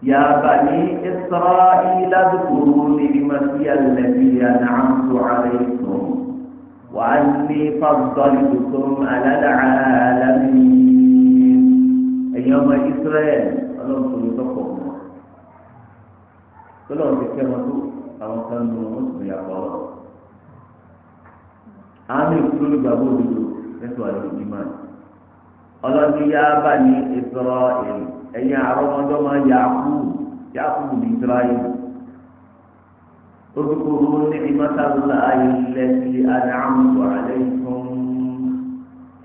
yàbá ní israẹ́lá dùkúrú níbi màsí àlẹ́bí àdáhùn àlẹ́ ìtò wà á ní fàbùtọ́lì tuntun alálàálàmì ẹ̀yìn ọmọ israẹ́l ọlọ́run tó lè tọkọ̀ mọ́ tọ́lọ́run ti kẹ́ wọn tó àwọn kan nù wọn sì yàgbọ́ àmì ìkúlù gbàgbọ́ òdodo lẹ́tọ̀ àlùkò ìmọ̀ ọlọ́dún yá bá ní ìsọ̀rọ̀ ẹ̀yìn àrọ́mọdọ́mọ yàkú yàkú ní ìsọ̀rọ̀ اذكروا نعمة الله التي أنعمت عليكم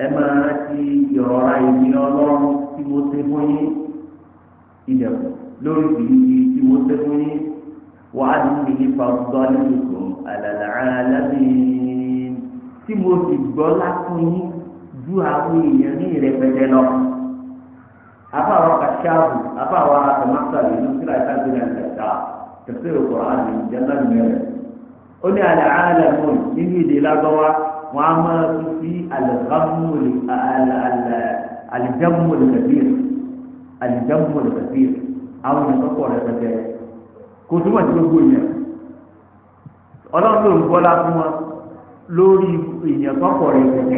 ẹmọ ti ìrọ̀ra ìbí ọlọ́run tí mo ṣe fún yín ìdẹ̀kùn lórí ìbí tí mo ṣe fún yín wàá dùn mí nípa ọgbọ́n nínú kùn àlàlà alábìyín tí mo sì gbọ́ lápò yín ju àwọn èèyàn ní ìrẹ̀pẹ̀tẹ lọ. àbáwọ̀ kàṣáàbù àbáwọ̀ àtọ̀mọ́sàlì inú síra ìtàgbéra ìjàdá tẹ̀sí òkò àmì ìjàdá mẹ́rẹ̀. ó ní àlẹ́ àlẹ́ mọ́ nínú èdè lágbọ́wá wọn á máa fi sí àlẹ́gámúlì àlẹ́gámúlì kàbíyèsí àlẹ́gámúlì kàbíyèsí àwọn èèyàn tó pọ̀ rẹpẹtẹ kò túmọ̀ sí gbogbo èèyàn ọlọ́run ló ń bọ́lá fún wọn lórí èèyàn tọkọ rẹ tẹ̀lé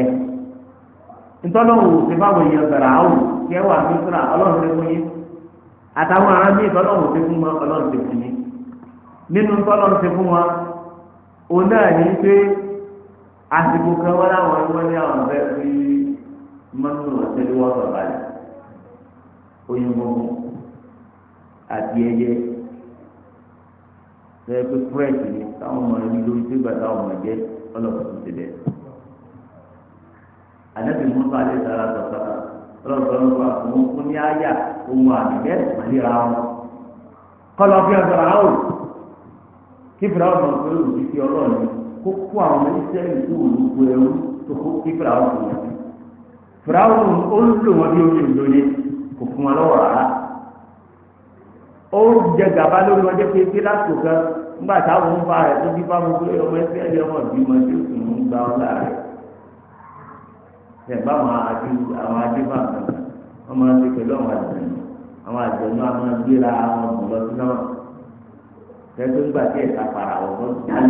ntọ́lọ́wọ́ ti fáwọn èèyàn bẹ̀rẹ̀ àwò kí ẹ wà nítorá ọlọ́run ti fún yín àtàwọn ará mi ìtọ́lọ́wọ́ ti fún wọn ọlọ́run ti fún yín nínú ntọ́lọ́run ti fún wọn òun náà ní pé àsìkò kan wọn láwọn ẹni ní àwọn bẹ́ẹ̀ fi mọ́tò ọ̀tẹ́lẹ̀ wọ́n sọ̀rọ̀ báyìí oyinbo àti ẹyẹ lẹ́yìn pé fúrẹ́ẹ̀sì ni táwọn ọmọ ẹni lórí tó gbà táwọn ọmọ jẹ́ ọlọ́pàá ti ti bẹ́ẹ̀. ànábì musa alẹ sara sọsọra ọlọ́pàá ń wá òun fún ní àyà òun àbíbẹ màlíra wọn. kọlọ fi ọsọ àwọn kí fúra ọmọ pé òbí fi ọlọ́ọ̀ni kó kó àwọn ọmọ ìsẹ́yìn kó òun kó ẹrú tó kó kí fúra ọmọ wọn. fúra ọmọ ó ń lò wọn bí omi ìlóye kò fún wọn lọ́wọ́ rárá. ó jẹ gàba lórí wọn jẹ pé kí lásìkò kan nígbà táwọn ń fa rẹ̀ tó bí bá mo gbé ọmọ ẹgbẹ́ ẹ̀rí ọmọ bí mo ti sùn ń gba ọlá rẹ̀ tẹ̀gbá àwọn adé àwọn adé bá kan wọ́n máa ń gbé pẹ̀lú àwọn àjẹ̀nù àwọn àjẹ̀nù á máa gbéra àwọn ọ̀dọ́ sí náà tẹ́tọ́ nígbà tí ẹ̀ka para ọ̀dọ́ sí náà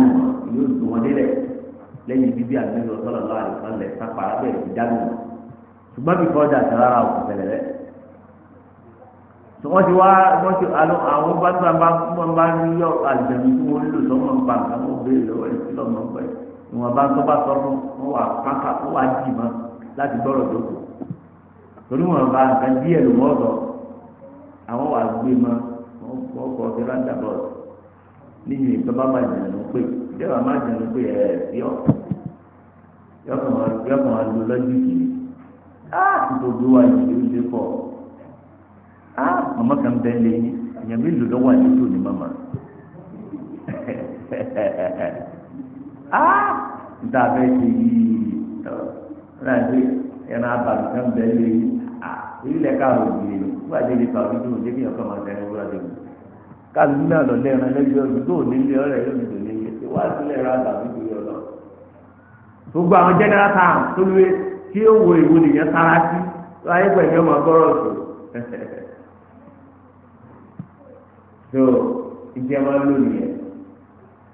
yóò dùn wọn délẹ̀ lẹ́yìn bíbí àgbẹ̀rẹ̀ ọ̀sọ́lọ̀ lọ́wọ́ àdìsán lẹ̀ sápàrà bẹ̀rẹ̀ ìdánù ṣùgbọ́n bí kọjá àtàrà òkùnfẹ̀lẹ̀ rẹ̀ tí wọ́n ti wá wọ́n ti àlọ́ àwọn bá tí wọ́n bá fún wọn bá ní yọ àlùjẹ̀mí tí wọ́n lò sọ́mọ̀ ń pa nǹkan wọ́n béèrè lọ́wọ́ ẹ̀ sí lọ́mọ ń pẹ́ ìwọ̀n bá tó bá sọ fún wọn wà káka wọn wà jì mọ́ láti gbọ́rọ̀ tó kù torí wọn bá nǹkan díẹ̀ ló wọ́n sọ àwọn wà gbé mọ́ wọ́n kọ́ fi ráńdà bọ́ọ̀sì nínú ìgbà bá má jẹ̀ ló pé ìjọba má jẹ̀ ló pé ẹ̀ yọ ah màmá kan bẹ́ẹ̀ lé yín èèyàn mélòó lọ́wọ́ àdúgbò ní ah níta bẹ́ẹ̀ ṣe yìí ọ̀rọ̀ àti ẹran abàmì kan bẹ́ẹ̀ ah ilẹ̀ káàró yìí wọ́n àti ilẹ̀ káàró yìí wọ́n débi ọ̀kan máa tẹ̀lé wọ́n àti ìlú káàró yìí náà lọ lẹ́ran lẹ́yìn ọdún tó nílé ọ̀rẹ́ gbogbo àwọn tó ó wo sára sí láyé pẹ̀lú gbọ́rọ̀ sùn. tó ìdí ẹ máa ń lò nìyẹn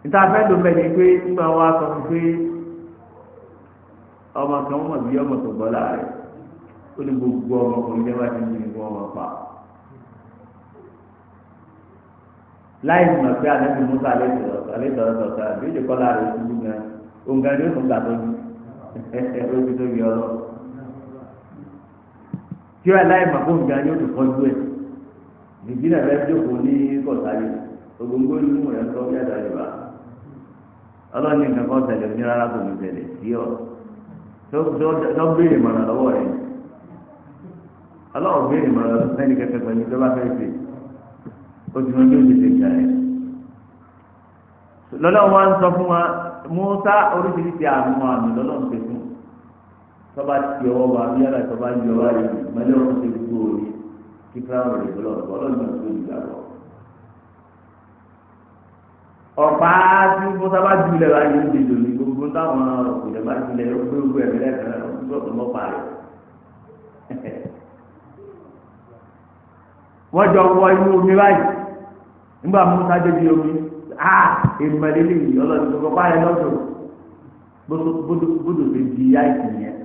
níta fẹ́ ló bẹ́ẹ̀ ni pé nígbà wa sọ fún pé ọmọ kan mọ̀ bí ọmọ tó gbọ́ láàrẹ̀ ó ní gbogbo ọmọkùnrin jẹ́ bá ti ń bí nǹkan ọmọ pa. láì mọ̀ pé àdébí musa alẹ́ sọ̀rọ̀ sọ̀rọ̀ àbí ìdí kọ́lá rẹ̀ ti dùn gan òǹkà ni ó tún gbà tó ní ẹ̀ẹ́dẹ́gbẹ́ tó yọ ọ lọ. tí ó láì mọ̀ pé òǹkà ni ó tún kọjú ẹ̀ nìgbìnà rẹ jókòó ní kọ̀tàlì ògóńgó ní mú rẹ ń tọ́ bí àtàlì bá ọlọ́ọ̀ni nǹkan kan tẹ̀lé ní rárá kò ní tẹ̀lé sí ọ tó béèrè mọ̀nà lọ́wọ́ rẹ ọlọ́ọ̀ béèrè mọ̀nà lẹ́ni kẹkẹ pẹ̀lú tó bá fẹ́ ṣe ó ti wọn bí ó ti ṣe ìjà rẹ lọ́lọ́ọ̀ wa ń sọ fún wa mọ́tà oríṣiríṣi àmọ́ àmì lọ́lọ́ọ̀ ṣe fún tọ́ba ti ọwọ́ wa bí yàrá tọ́ba yọ wá yìí mọ́lẹ́ ọ̀hún ṣe gbogbo kí fúláwọ̀ rẹ̀ lọ bọ̀ lọ́dún tó ti gbà bọ̀. ọ̀pá tí musa bá ju ilẹ̀ báyìí ń dìjọ ní gbogbo táwọn òkùnjẹ bá ju ilẹ̀ gbogbo gbogbo ẹ̀mí lẹ́ẹ̀kan náà ń gbọ́ ọ̀pọ̀ pa rẹ̀. wọ́n jọ wọ inú omi báyìí nígbà musa dé bi omi a èèmọ̀ lélẹ́yìn ọlọ́dún tó kọ́ pààyàn lọ́dún bódò bódò bódò ti di àìsàn yẹn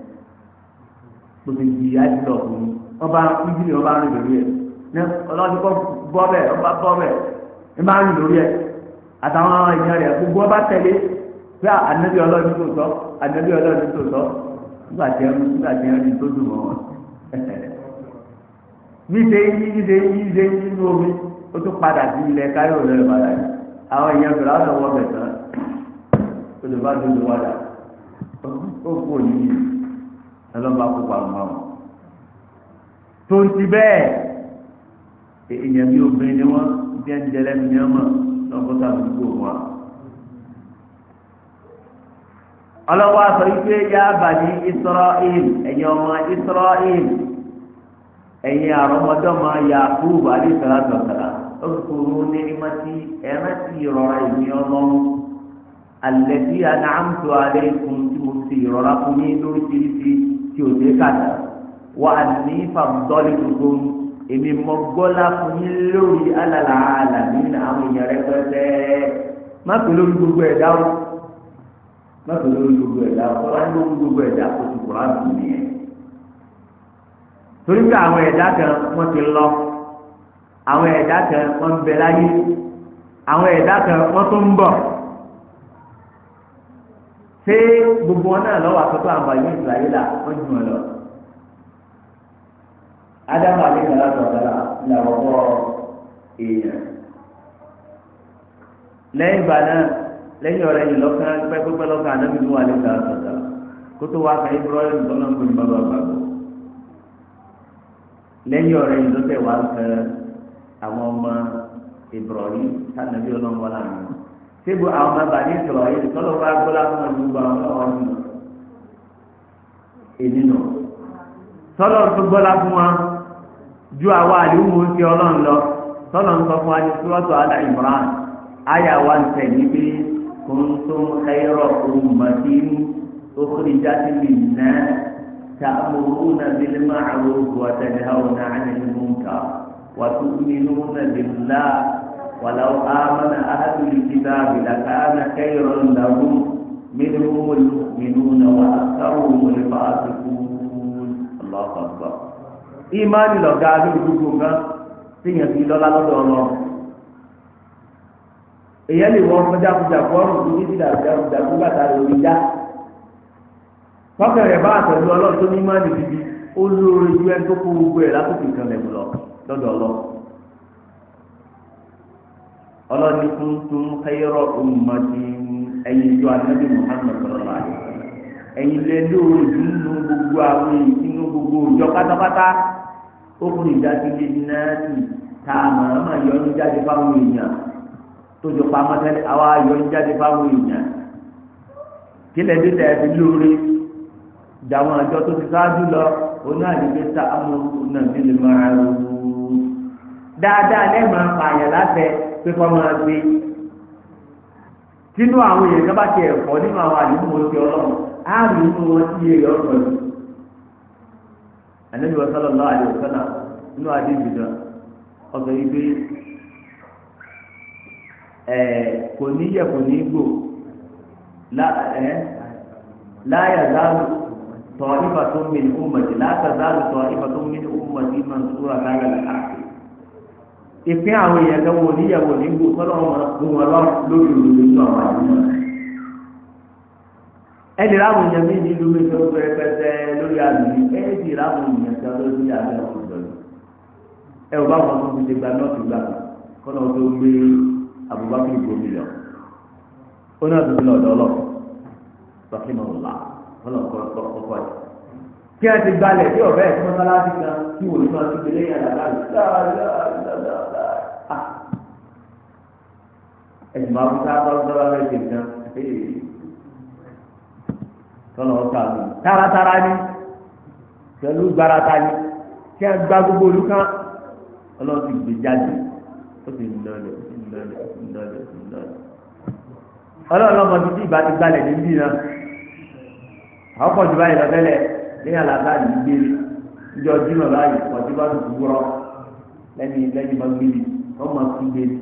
bódò ti di àìsàn lọ́kùnrin ọba ìdílé ọba rìn lórí ẹ̀ ní ọlọ́dúnkọ́ bọ́ bẹ́ẹ̀ ọba bọ́ bẹ́ẹ̀ ẹ máa rìn lórí ẹ̀ àtàwọn èèyàn rẹ̀ gbogbo ọba tẹ̀lé pé ànábì ọlọ́dún tó sọ ànábì ọlọ́dún tó sọ nígbà tí ẹ nígbà tí ẹ rìn tó dùn wọn níṣe yí níṣe yí níṣe yí nínú omi ó tún padà sí ilẹ̀ káyọ̀ lọ́rẹ̀ padà yìí àwọn èèyàn fèrè àwọn ọmọ ọbẹ̀ tán olùbádùn ló wádà ó kú kó pa ọmọ àwọn. tó ń ti bẹ́ẹ̀ èèyàn bí obìnrin ni wọ́n bí ẹni jẹ lẹ́nu ní ọmọ lọ́kọ́ sábà ní kò ọlọ́wọ́ àtọ̀ ìgbé yá bàní Israel ẹ̀yin ọmọ Israel ẹ̀yin àrọ́mọdọ́mọ Yakub alayhi salatu wa salam ní ìmọ̀tí ẹ̀rántí ìrọ̀rá ìní ọlọ́run alladhi an'amtu tí mo ti fún tí dé kàdà. wà ní fàmùtọ́lì gbogbo èmi mọ gbọ́lá fún yín lórí alàlà àlàmì ní àwọn èèyàn rẹ pẹ́pẹ́ má pè lórí gbogbo ẹ̀dá o má pè lórí gbogbo ẹ̀dá o tọ́lá ní lórí gbogbo ẹ̀dá o ti kúrò àbùkù nìyẹn torí pé àwọn ẹ̀dá kan wọ́n ti lọ àwọn ẹ̀dá kan wọ́n bẹ láyé àwọn ẹ̀dá kan wọ́n tún ń bọ̀ ṣé gbogbo wọn náà lọ́wọ́ àkókò àǹfààní ìsìláyé là wọ́n jù wọn lọ ádámù àdéhùn alásọ̀tàlà làwọn kọ́ èèyàn lẹ́yìn ìgbà náà lẹ́yìn ọ̀rẹ́ yìí lọ́kàn pẹ́pẹ́pẹ́ lọ́kàn ànábì mú àdéhùn alásọ̀tàlà kótó wá fẹ́ ibrahim tọ́lá ń gbìn bàbá àgbàgbọ́ lẹ́yìn ọ̀rẹ́ yìí lọ́tẹ̀ wá fẹ́ àwọn ọmọ ibrahim tànàbí ọlọ́mọ láàrin síbu àwọn ọmọ bàbá ìsọ̀rọ̀ yìí tọ́lọ́ bá gbọ́lá fún ọdún gbọ́ àwọn ọmọ ènìyàn tọ́lọ́ tó gbọ́lá fún ju àwa àdéhùn ti ọlọ́run lọ tọ́lọ̀ ń sọ fún wa ní sọ́tọ̀ àdá Imran àyà wa ń tẹ̀ níbi kuntum khayra ummatin ukhrijat lin-nas ta'muruna bil-ma'ruf wa tanhawna 'anil munkar wa tu'minuna billah ولو آمن أهل الكتاب لكان خيرا لهم منهم المؤمنون وأكثرهم الفاسقون الله أكبر ìmánì lọ̀gá lórí gbogbo nǹkan téèyàn fi lọ́lá lọ́dọ̀ ọlọ́run èyàn lè wọ ọmọ jákujà fọ́ọ̀rùn tó ní ìdílé àbújákujà tó bàtà rẹ̀ orí já tọ́kẹ̀rẹ̀ bá àtẹ̀lú ọlọ́run tó ní ìmánì bíbí ó lóore ju ẹni tó kó gbogbo ẹ̀ lọ lọ́dọ̀ ọlọ́ni ẹ̀yin ju ẹ̀yin lóore ju ó kún ìdásílẹ̀ náàtì tá a mọ̀ ọ́n mà yọ ọ́n jáde fáwọn èèyàn tó jọ pa mọ́tẹ́lẹ̀ àwa yọ ọ́n jáde fáwọn èèyàn kílẹ̀ bí tẹ̀ fi lóore dàwọn àjọ tó ti sáájú lọ oní àdìgbé ta àmọ́ nàbí lè máa rú dáadáa lẹ́ẹ̀mọ́ pààyàn láfẹ́ pé kọ́ máa gbé sínú àwọn èèyàn tó bá ti ẹ̀fọ́ nínú àwọn àdìgbò wọn ọlọ́run á rí inú wọn sí èrè ọ̀gbọ̀n yìí anabi wa sallallahu alayhi wa sallam inú adi gbèdà ọsọ yìí pé ẹ kò ní yẹ kò ní gbò láyà záàlù tọ ifá tó mi ní ummati láyà záàlù tọ ifá tó mi ní ummati mansura láyà láàkì ìpín àwọn èèyàn kan wò níyàwó nígbò fọlọ́wọ́n wọn lọ lórí òdodo ní àwọn àdúgbò ẹni ráàmù yẹn mí ní ìlú mi tó pẹpẹtẹ lórí àlùyí ẹni ráàmù yẹn tó lórí àlẹ ọ̀dọ́ yìí ẹ ò bá wọn tó fi gba náà tó gbà kọ́nà tó gbé Abubakar ìgbòmí lọ ó náà tó fi lọ ọ̀dọ́ lọ lọ́kì náà wòlá wọn lọ kọ́ ọkọ yìí kí ẹ ti gbalẹ̀ bí ọ̀rẹ́ ẹ̀ tí wọ́n kan kí wòlé ah! náà ti gbélé yàrá láàyè láàláàláà ẹ̀sìn máa fi sáà bá ń sọ́ra lẹ́sìn náà tọ́lọ̀ ọ̀sà mi taratara ni pẹ̀lú gbarata ni kí a gba gbogbo olú kan ọlọ́run ti gbé jáde ó sì nọlẹ̀ ó sì nọlẹ̀ ó sì nọlẹ̀ ó sì nọlẹ̀ ọlọ́run lọ́mọ ti tí ìbá ti gbalẹ̀ níbí náà àwọn pọ̀jù báyìí lọ́tẹ́lẹ̀ lẹ́yìn àlàáfíà yìí gbé ìjọ jìnnà báyìí pọ̀jù bá ti wúrọ́ lẹ́ni bá gbé mi wọ́n máa gbé mi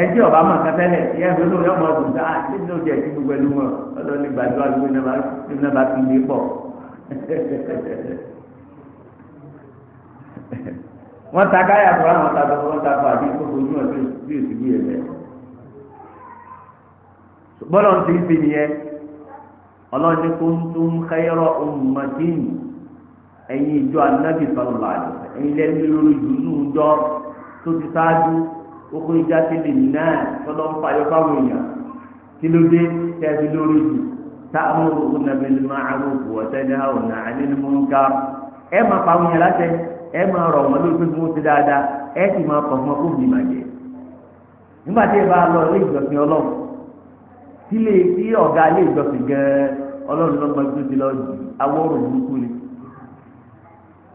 ẹtí ọba mọ kẹtẹlẹ yẹ ẹgbẹ lórí ọmọ ọdún tá a ti ní ojú ẹtí gbogbo ẹnu wọn ọlọrin gbàdúrà lórí náà náà bá fi lè pọ. wọn ta káyà kúrò àwọn ta tó wọn ta fún àbí gbogbo ojú ọdún bí o ti bí ẹ bẹ. bọ́lá ń ti ń fi nìyẹn ọlọ́ni kuntum khayra ummatin ẹ̀yin ìjọ anábì sọ̀rọ̀ làjọ ẹ̀yin lẹ́nu lórí ìdùnnú jọ tó ti sáájú. oko ìjà ti lè náà tọ́lọ́ ń fa ayọ́ fáwọn èèyàn kí ló dé tẹ́bi lórí jù táwọn na ni máa ń wò ọ̀tẹ́ ní àwọn ọ̀nà àní ni mo ń ẹ máa fa àwọn èèyàn láṣẹ ẹ máa rọ̀ wọ́n dáadáa ẹ sì máa fún nígbà tí ẹ bá lọ ilé ìjọsìn ọlọ́run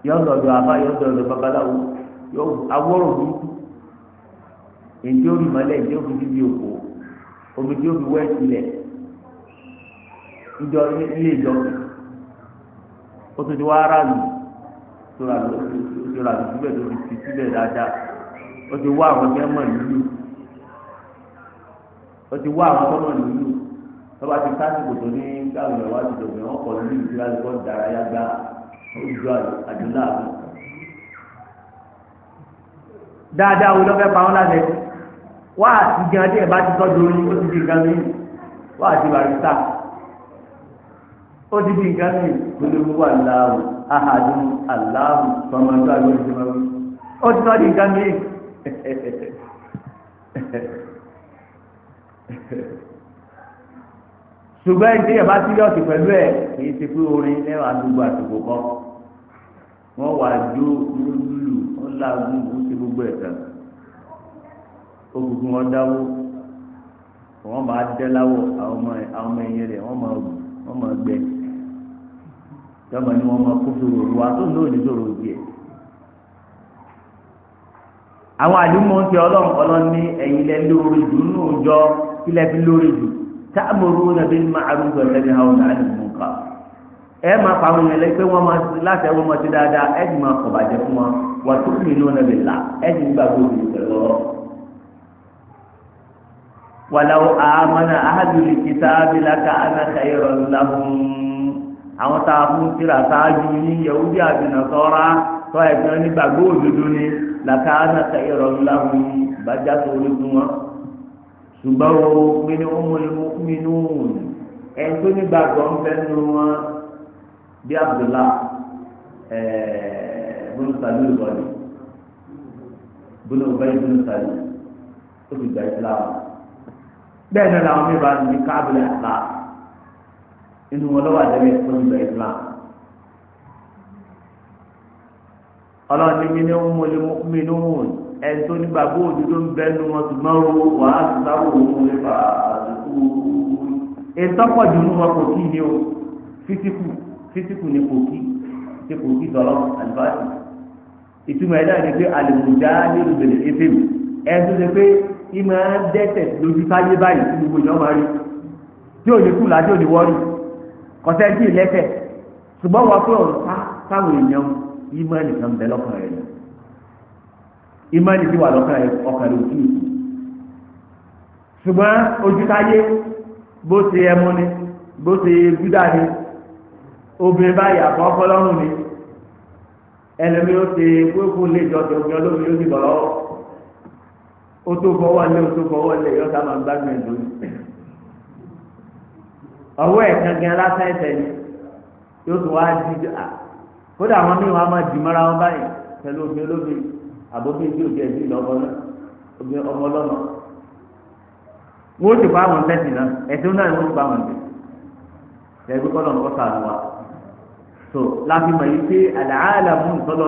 lè ọ̀gá èdè orí mọ́lẹ̀ èdè orí bíbí òkò omi tí orí wẹ́ sílẹ̀ ìjọ ilé ìjọ ó tún ti wá ara lù tóra lù tóra lù síbẹ̀ tó fi síbẹ̀ dáadáa ó ti wá àwọn tẹ́ mọ̀ nílù ó ti wá àwọn tẹ́ mọ̀ nílù tọ́ba ti sásìkò tó ní káwọn ìyàwó àti ìdògbìn wọn kọ̀ nílù tí wọ́n kọ́ dárayá gbá ó jọ àdúrà dáadáa wo lọ́fẹ́ pa wọn láti ẹ̀kọ́ wá àti gan adé ẹ̀bá ti tọ́jú orí ó ti di nǹkan mi wá àti barista ó ti di nǹkan mi gbólóhùn aláwò ahadu aláwò tọmọdé agbóhùn ó ti tọ́jú nǹkan mi ṣùgbọ́n ẹni tí ẹ̀bá sílíọ̀sì pẹ̀lú ẹ̀ kì í ti pé orin ẹ̀rọ àdúgbò àtòkò kọ́ wọ́n wà á lúlù ńlá gbogbo ẹ̀ tán. ogugu wọn dáwó wọn máa dẹ àwọn ọmọ àwọn ọmọ ẹ̀yìn rẹ̀ wọn máa wọn máa gbẹ ni wọn máa kó sòrò wà tó ń lò sòrò díẹ̀ àwọn àdúgbò ń tẹ ọlọ́run ọlọ́run ní ẹ̀yin lẹ lórí jù nínú òjọ kílẹ̀ fi lórí jù táàmùrú nàbí àwọn àdúgbò ẹ máa fa àwọn pé máa láti máa ti ولو آمن أحد الكتاب laka ana khayran lahum àwọn tá a fún tírà sáájú ní yahudi àbìnàsọ́ra tó ẹ̀gbọ́n nígbàgbọ́ òdodo ni laka ana khayran lahum bàjá tó lójú wọn. ṣùgbọ́n o pinnu ọmọlẹ́mú pinnu ẹni tó nígbàgbọ́ ń fẹ́ nu wọn bí abdullah ẹ̀ẹ́ bùnú sàlù ìbọ̀lì bùnú ọ̀bẹ́yìn bùnú sàlù ó ti gba ìsìlámù bẹ́ẹ̀ náà làwọn mi bá ní káàbìlì àlá inú wọn lọ́wọ́ àdébẹ̀ fún ìgbà islam ọlọ́ọ̀ni mi ní ń mọlé mi ní ń wọ̀n ẹni tó ní gbàgbọ́ òdodo ń bẹ́ nu wọn ṣùgbọ́n owó wàá sáwọ́ òun lè fà á ìtọ́pọ̀jù ní wọn kò kí ni o físíkù físíkù ni kò kí ṣe kò kí sọ̀rọ̀ àlùbáṣì ìtumọ̀ ẹ̀dá ni pé àlùmùdá ìmọ̀ dẹ́sẹ̀ lójú sáyé báyìí tí gbogbo ìyọ́mọ rí tí ò ní kùlà tí ò ní wọ́ọ̀rì kọ̀sẹ́ tí ì lẹ́sẹ̀ ṣùgbọ́n wọ́n pé ọ̀rọ̀ sá sáwọn èèyàn ìmọ̀ nìkan bẹ lọ́kàn rẹ̀ ni ìmọ̀ nìkan wà lọ́kàn rẹ̀ ọkàn rẹ̀ òkú ṣùgbọ́n ojú sáyé bó ṣe ẹmu ni bó ṣe gúdà ni obìnrin báyìí àfọwọ́fọ́ lọ́rùn ni ẹlẹ́mi ó ṣe kókó lè jọ ó tó fọwọ́ lé ó tó fọwọ́ lé yọ́ta máa ń gbádùn ẹ̀dùn ní. ọwọ́ ẹ̀ kankan lásán ẹ̀sẹ̀ ni yóò tún wá di à kódà àwọn míì wọn á máa dì mọ́ra wọn báyìí pẹ̀lú omi olómi àbómi tí òbí ẹ̀dùn lọ́mọ náà omi ọmọ lọ́mọ. wọ́n ó ti pa àwọn tẹ́sì náà ẹ̀sìn náà ni wọ́n ti pa àwọn tẹ́sì ẹ̀gbẹ́ kọ́lọ̀ ń kọ́ so láfi mọ̀ yìí pé àlàálà mú ìtọ́lọ́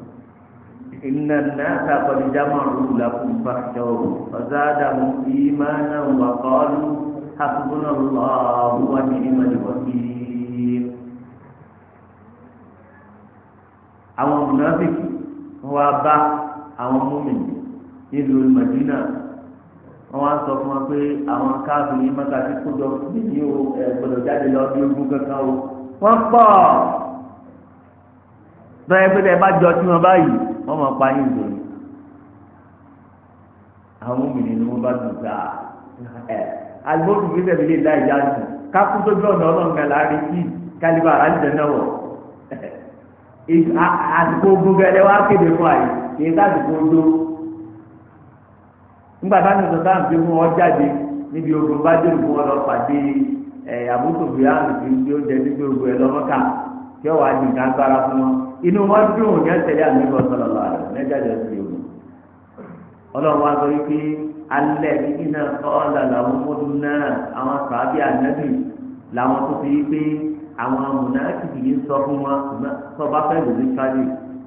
Inna Nasa قد جمعوا لكم فاحشروا فزادهم إيمانا وقالوا حسبنا الله ونعم الوكيل àwọn munafiki wọn wá bá àwọn múmin nílùú Madina wọn wá sọ fún wa pé àwọn káàbù yìí má kàtí kójọ nìyí o ẹ gbọ́dọ̀ jáde lọ bí ogún kankan o wọn pọ̀ bẹ́ẹ̀ pé bẹ́ẹ̀ bá jọ tí wọn báyìí. wọ́n máa pa yín dòní àwọn obìnrin ni wọ́n bá dùn sáà ah, ẹ alimọ́tò fi tẹ̀lé lè dá ìyá sùn tó ọ̀nà láàrin kí kálíbà náà wọ̀ gbogbo ẹ̀dẹ̀ wá kéde fún àyè kì í nígbà ń fi fún ọ jáde níbi ogun bá dé òkú ọ lọ pàdé ẹ̀ àbútòfin àrùn tí ó jẹ nígbà ogun lọ́mọ́ká inú wọn dùn ní ẹsẹlẹ àmìkọ sọlọ lọ àlọ lẹjọjọ sí omi Ọlọ́run wa sọ wípé alẹ kíkí náà ọlà làwọn mọdún náà àwọn sàábì ànábì làwọn tó fi wípé àwọn amúnáàkìkì yìí sọ fún wọn sọba fẹẹ lòdì káyé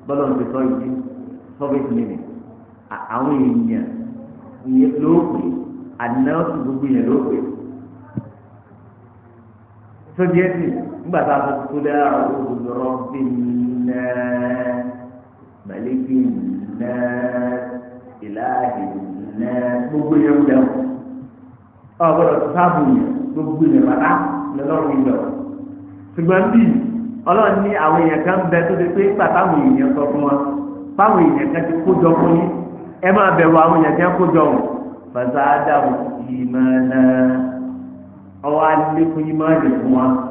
bọlọ ní sọ yìí sọfẹsì nìyẹn àwọn èèyàn ìyẹn ló pè gbogbo yẹn ló pè sọdíẹsì nígbà tá a fọ kúlẹ̀ àwọn olùdọ̀rọ̀ bí nà màlẹ́kì nà ìlàhì nà gbogbo yẹn wúlẹ̀ wọn ọ̀gbọ́dọ̀ sábù yẹn gbogbo yẹn bàtà lọ́lọ́run yìí lọ. ṣùgbọ́n bíi ọlọ́run ní àwọn èèyàn kan bẹ tó ti pé nígbà táwọn èèyàn sọ fún wa fáwọn èèyàn kan ti kó fún yín ẹ máa bẹ̀rù àwọn èèyàn kan kó wọn bàtà ádámù ìmọ̀ náà ọwọ́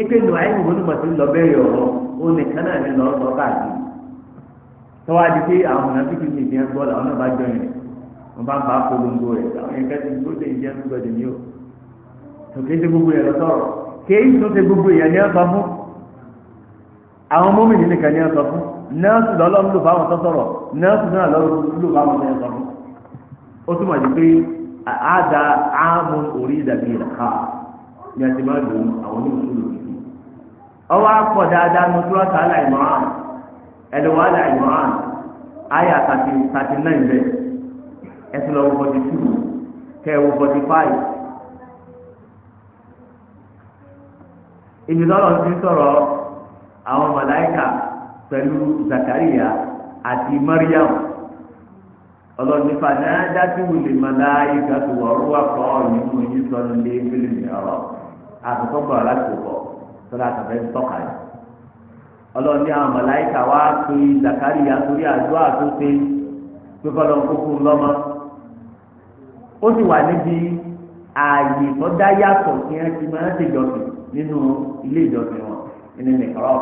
ipe nù ayé ìwé onímọ̀ tí ń lọ bẹ́ẹ̀ yọ̀rọ̀ ó lè kán náà ní lọ sọ káàkiri tọ́wá di pé àwọn ọ̀nà bíbí mi ìdí ẹgbọ́ làwọn náà bá jọ yẹn wọ́n bá bá polongo rẹ̀ àwọn yẹn kẹ́sì tó lè jẹ́ nígbà dèmí o tòkè ṣe gbogbo yẹn lọ sọ̀rọ̀ kéyì tó ṣe gbogbo yẹn ní ọ̀sán fún àwọn mọ́mìnì nìkan ní ọ̀sán fún nọ́ọ̀sì lọ́lọ́run ló fáwọn ọwọ́ akọ̀ dáadáa ní túrọ́tà aláìmọ́ràn ẹ̀dùnwó aláìmọ́ràn àyà thirty thirty nine bẹ́ẹ̀ ẹ̀sìn lọ́wọ́ forty two kẹwọ́ forty five. ti sọ̀rọ̀ àwọn pẹ̀lú Zakariya àti Mariam ọlọ́nìfà náà dájú wùlé màláìkà tó wọ́ọ́rọ́ wà kọ́ ọ̀yìn mú lé fílímù ọ̀rọ̀ àtúntò láti wọ̀. tọ́lá àtàfẹ́ ti tọ́ka rẹ̀ ọlọ́ọ̀ni àwọn mọ̀láìkà wá pe torí àdúrà tó ṣe pé kọ́lọ́ kókó lọ́mọ ó sì wà níbi ààyè tó dá yàtọ̀ kí wọ́n ti máa ń ṣèjọsìn nínú ilé ìjọsìn wọn nínú nìkọ́rọ́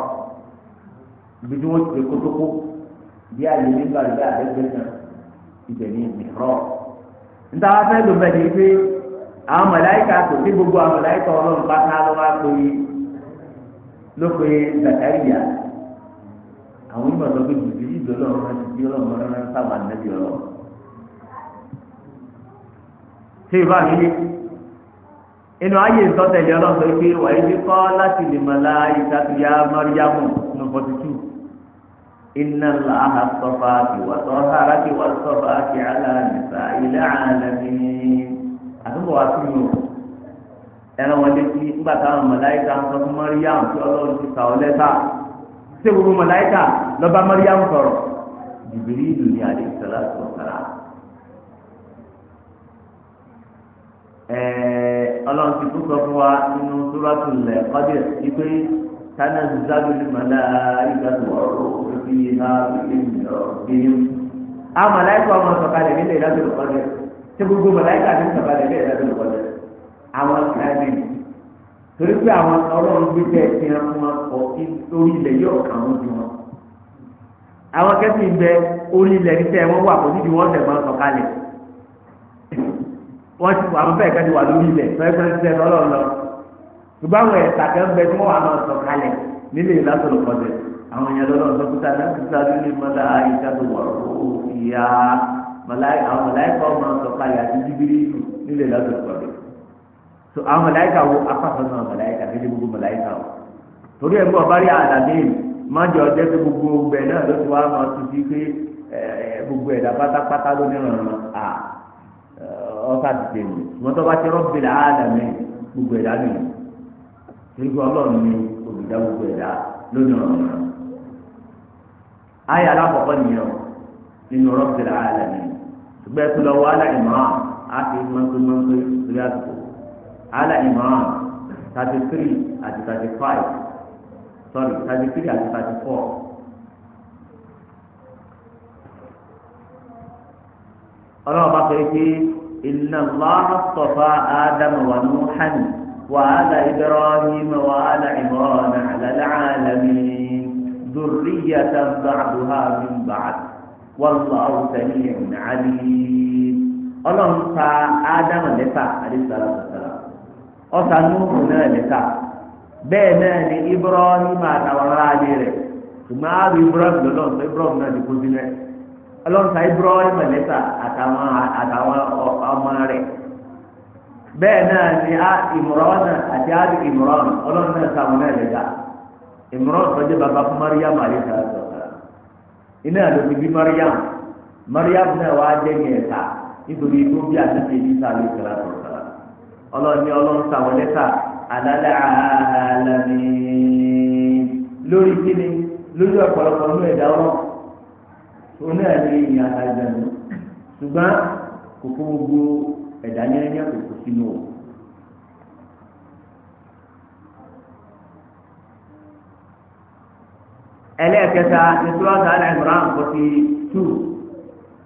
ibi tí wọ́n ti ṣe bí ààyè nígbà ìgbà ibẹ̀ ní nìkọ́rọ́ níta wá fẹ́ bẹ́ẹ̀ ni gbogbo àwọn mọ̀láìkà ọlọ́run bá ká lọ́wọ́ ló pe Zakaria àwọn onímọ̀ sọ pé bìbí ìdò lọ́wọ́ náà ti di ọlọ́mọ náà sábà nẹ́bí ọlọ́ ṣé ìbá mi yé inú ayé ìsọtẹ̀lẹ̀ ọlọ́sọ pé wàá ibi kọ́ láti lè mọ̀ la ìtàkùyà mọ́ríyámù nù fọ́tí tù iná làáhà sọ́fà kì sọ́fà rákì sọ́fà kì á là nìfà ilé àlàmì àtúbọ̀ wá sí mi o ẹran wọn létí nígbà táwọn mọ̀láyíkà ń sọ fún mọ́ríyàmù tí ọlọ́run ti kà ọ́ lẹ́tà ṣé gbogbo mọ̀láyíkà lọ́ba mọ́ríyàmù sọ̀rọ̀ jìbìrì ìlú ni àlè ìsọ̀lá sọ̀kàrà. ọlọ́run ti tún sọ fún wa nínú sóràtù lẹ̀ kọ́dẹ̀ wípé tánà zálùlù mọ̀láyíkà tó ọ̀rọ̀ òfin iná ìlú ọ̀gbìn. àwọn mọ̀láyíkà ọmọ sọ̀kalẹ̀ nílẹ̀ ìdájọ́ àwọn ìlànà torí pé àwọn ọlọ́run gbé jẹ́ ẹ̀sìn ẹran wọn kọ orí ilẹ̀ yóò kà wọ́n jù wọn. àwọn kẹ́sì ń orí ilẹ̀ níṣẹ́ wọn wà kó nídìí wọ́n tẹ̀ sọ̀kalẹ̀ wọ́n ti àwọn bẹ́ẹ̀ kẹ́sì wà lórí ilẹ̀ pẹ́ẹ́pẹ́ ń lọ. ṣùgbọ́n àwọn ẹ̀sà kan bẹ tí wọ́n wà sọ̀kalẹ̀ so àwọn màláíkà wo apákan náà màláíkà níbi gbogbo màláíkà o torí ẹ̀ ń bọ̀ bárí àdàdé májọ ọjọ́ pé gbogbo ọgbẹ náà ló ti wá máa tutù pé gbogbo ẹ̀dá pátápátá ló ní ọ̀ràn à ọ̀ka ti tẹ̀ mí wọ́n tó bá ti rọ́bìlà àdàmì gbogbo ẹ̀dá mi torí pé ọlọ́run ni òbíjà gbogbo ẹ̀dá ló ní ọ̀ràn ayé alákọ̀ọ́kọ́ nìyẹn o nínú rọ́bìlà àdàmì ṣùgbọ́n ẹ ala imran thirty three àti thirty five sorry thirty three àti thirty four. ọlọ́run bá sọ pé inna Allaha istafa ádámù wa nuhan wa ala ibrahim wa ala imran ala al-alamin dhurriyyatan ba'duha min ba'd wallahu sami'un alim ọlọ́run ta ádámù lẹ́tà àdìsára ọ̀sà nùhù náà nìka bẹ́ẹ̀ náà ni ibrahim àtàwọn aráàlú rẹ̀ ṣùgbọ́n àrùn ibrahim lọ́lọ́sọ ibrahim náà ti kó sí rẹ̀ ọlọ́sà ibrahim nìka àtàwọn àtàwọn ọmọ rẹ̀ bẹ́ẹ̀ náà ni imran àti àrùn imran ọlọ́run náà sàwọn náà nìka imran sọjọ́ bàbá fún mariam àyíká iná àdókè bí mariam mariam náà wàá jẹ́ ní ẹ̀ka nítorí tó bí àti tèmi sáré kẹlẹ́ àtọ̀tà ọlọ́ọ̀ni ọlọ́run sàwọn lẹ́tà àlálẹ́ àlàmì lórí kíni lórí ọ̀pọ̀lọpọ̀ inú ẹ̀dá ọ̀rọ̀ oní ẹ̀rí ìyìn àtàgbẹ̀mí ṣùgbọ́n kòkó gbogbo ẹ̀dá yẹ́nyẹ́ kòkó sínú o. ẹlẹ́ẹ̀kẹta ní sọ́wọ́sà alẹ́ ìmọ̀ràn kọ́sí two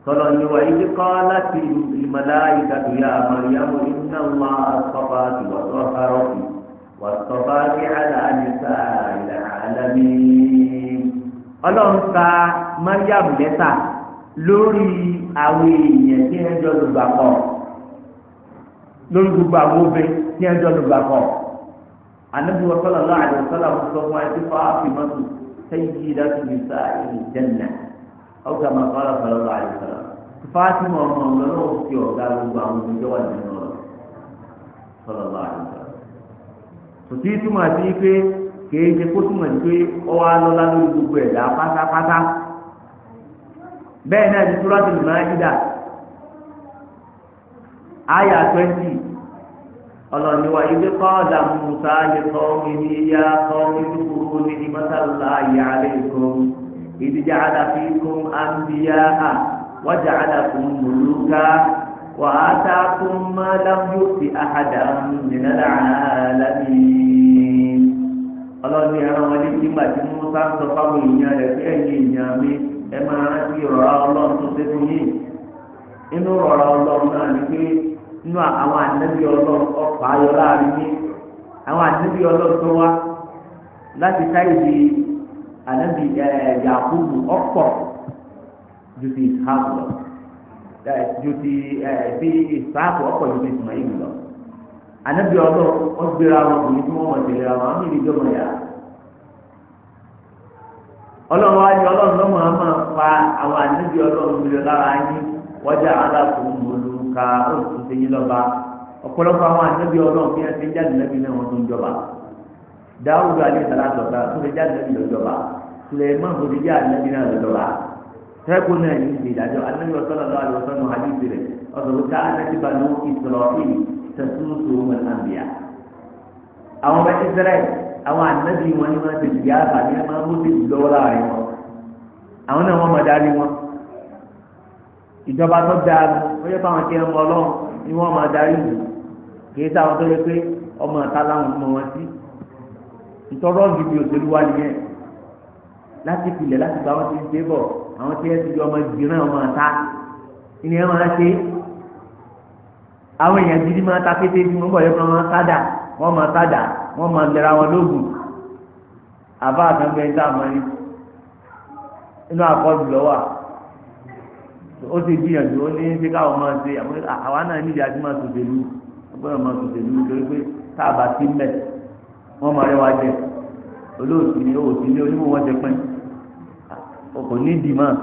tọ́lọ́ ní wa ibi kọ́ láti ìmọ̀lá ìdàdúyà àmàlìyàmù iná wà sọ́ba wà sọ́ba rọ́bì wà sọ́ba kí aláàlísà ilẹ̀ alámi. ọlọ́run ka mariam lẹ́tà lórí àwọn èèyàn tí ẹ jọ lùgbà kọ́ lórí gbogbo àwọn obìnrin tí ẹ jọ lùgbà kọ́ anabi wa sallallahu alaihi fún ẹ ti fa afi sẹ́yìn yìí dá tó ní sáà أو كما قال صلى الله عليه وسلم فاطمة ومن له في أوزاره وعن الجوال من الله صلى الله عليه وسلم tòtí túmọ̀ sí pé kèé ṣe kó túmọ̀ sí pé ọ wá lọ́la lórí gbogbo ẹ̀dá pátápátá bẹ́ẹ̀ náà ti Suratul Maida àyà twenty ọlọ́ni wa ibi kọ́ọ̀dà Musa lè kọ́ mi ní yá kọ́ mi ní kúrú ní ìmọ̀tàlá ìyá rẹ̀ kọ́ mi. إذ جعل فيكم أنبياء وجعلكم ملوكا وآتاكم ما لم يؤت أحدا من العالمين ọlọ́ni ẹran wọn létí gbà tí mo bá ń sọ fáwọn èèyàn rẹ̀ pé ẹ̀yin èèyàn mi ẹ máa rántí ìrọ̀rá ọlọ́run tó ṣẹ́gun yìí inú ìrọ̀rá ọlọ́run náà ni pé inú àwọn ànábì ọlọ́run ọ̀pá ayọ̀ láàrin yìí àwọn ànábì ọlọ́run tó wá láti táyì bíi anabi ẹẹ eh, yakubu ọ̀pọ̀ ju ti ishaq lọ ẹ eh, ju ti ẹ eh, ti anabi ọlọ ọgbéra wọn kò ní wọn mọ wọn ya Ọlọ́run wa ni Ọlọ́run lọmọ fa àwọn anabi Ọlọ́run mi lára yín wọjà alákòó mọlú ka ó anabi náà wọn tó ń dáwùdù alẹ́ sàlátọ̀ sá sódejá nàbí lọ́jọ́ba sùlẹ̀mán sódejá nàbí náà lọ́jọ́ba tẹ́kù náà yìí ti dájọ́ anábì ọ̀sán lọ́wọ́ àlọ́ ọ̀sán náà hàbí bèrè ọ̀sán ló ká anábì bá ló ìsọ̀rọ̀ ìlú tẹ̀síwòsò wọn àbíyá. àwọn ọmọ israẹl àwọn anábì wọn ni wọn ti di àbá ní ẹgbẹ́ wọn ti lọ́wọ́ láàrin wọn àwọn náà wọn mọ̀ dárí wọn. ìjọba tó dáa ó yẹ fáwọn tí ọlọ́run ni wọn máa darí ìlú kì í sáwọn tó yẹ pé ọmọ ọ̀tá láwọn mọ wọn sí ntọrọ níbi òṣèlú wa nìyẹn láti pilẹ̀ láti gba àwọn tí ń ṣe bọ̀ àwọn tí ẹ ti di ọmọ ìgbìrán ọmọ àta ìní ẹ máa ṣe àwọn èèyàn gidi máa ta kété bí wọn bọ̀ yẹ fún wọn sádà wọn máa sádà wọn máa lẹra wọn lóògùn àbá àtàgbẹ ń dààmú ẹni inú àkọlù lọ́wọ́ ó ti gbìyànjú ó ní ṣé káwọn máa ṣe àwọn náà níbi àti máa tòṣèlú ọgbọ́dọ̀ máa tòṣèlú torí pé tá ti mẹ́ẹ̀ wọ́n máa rẹwà jẹ olóòtú ni òòtú ni onímọ̀ wọn ti pín ọkọ̀ nídìí máa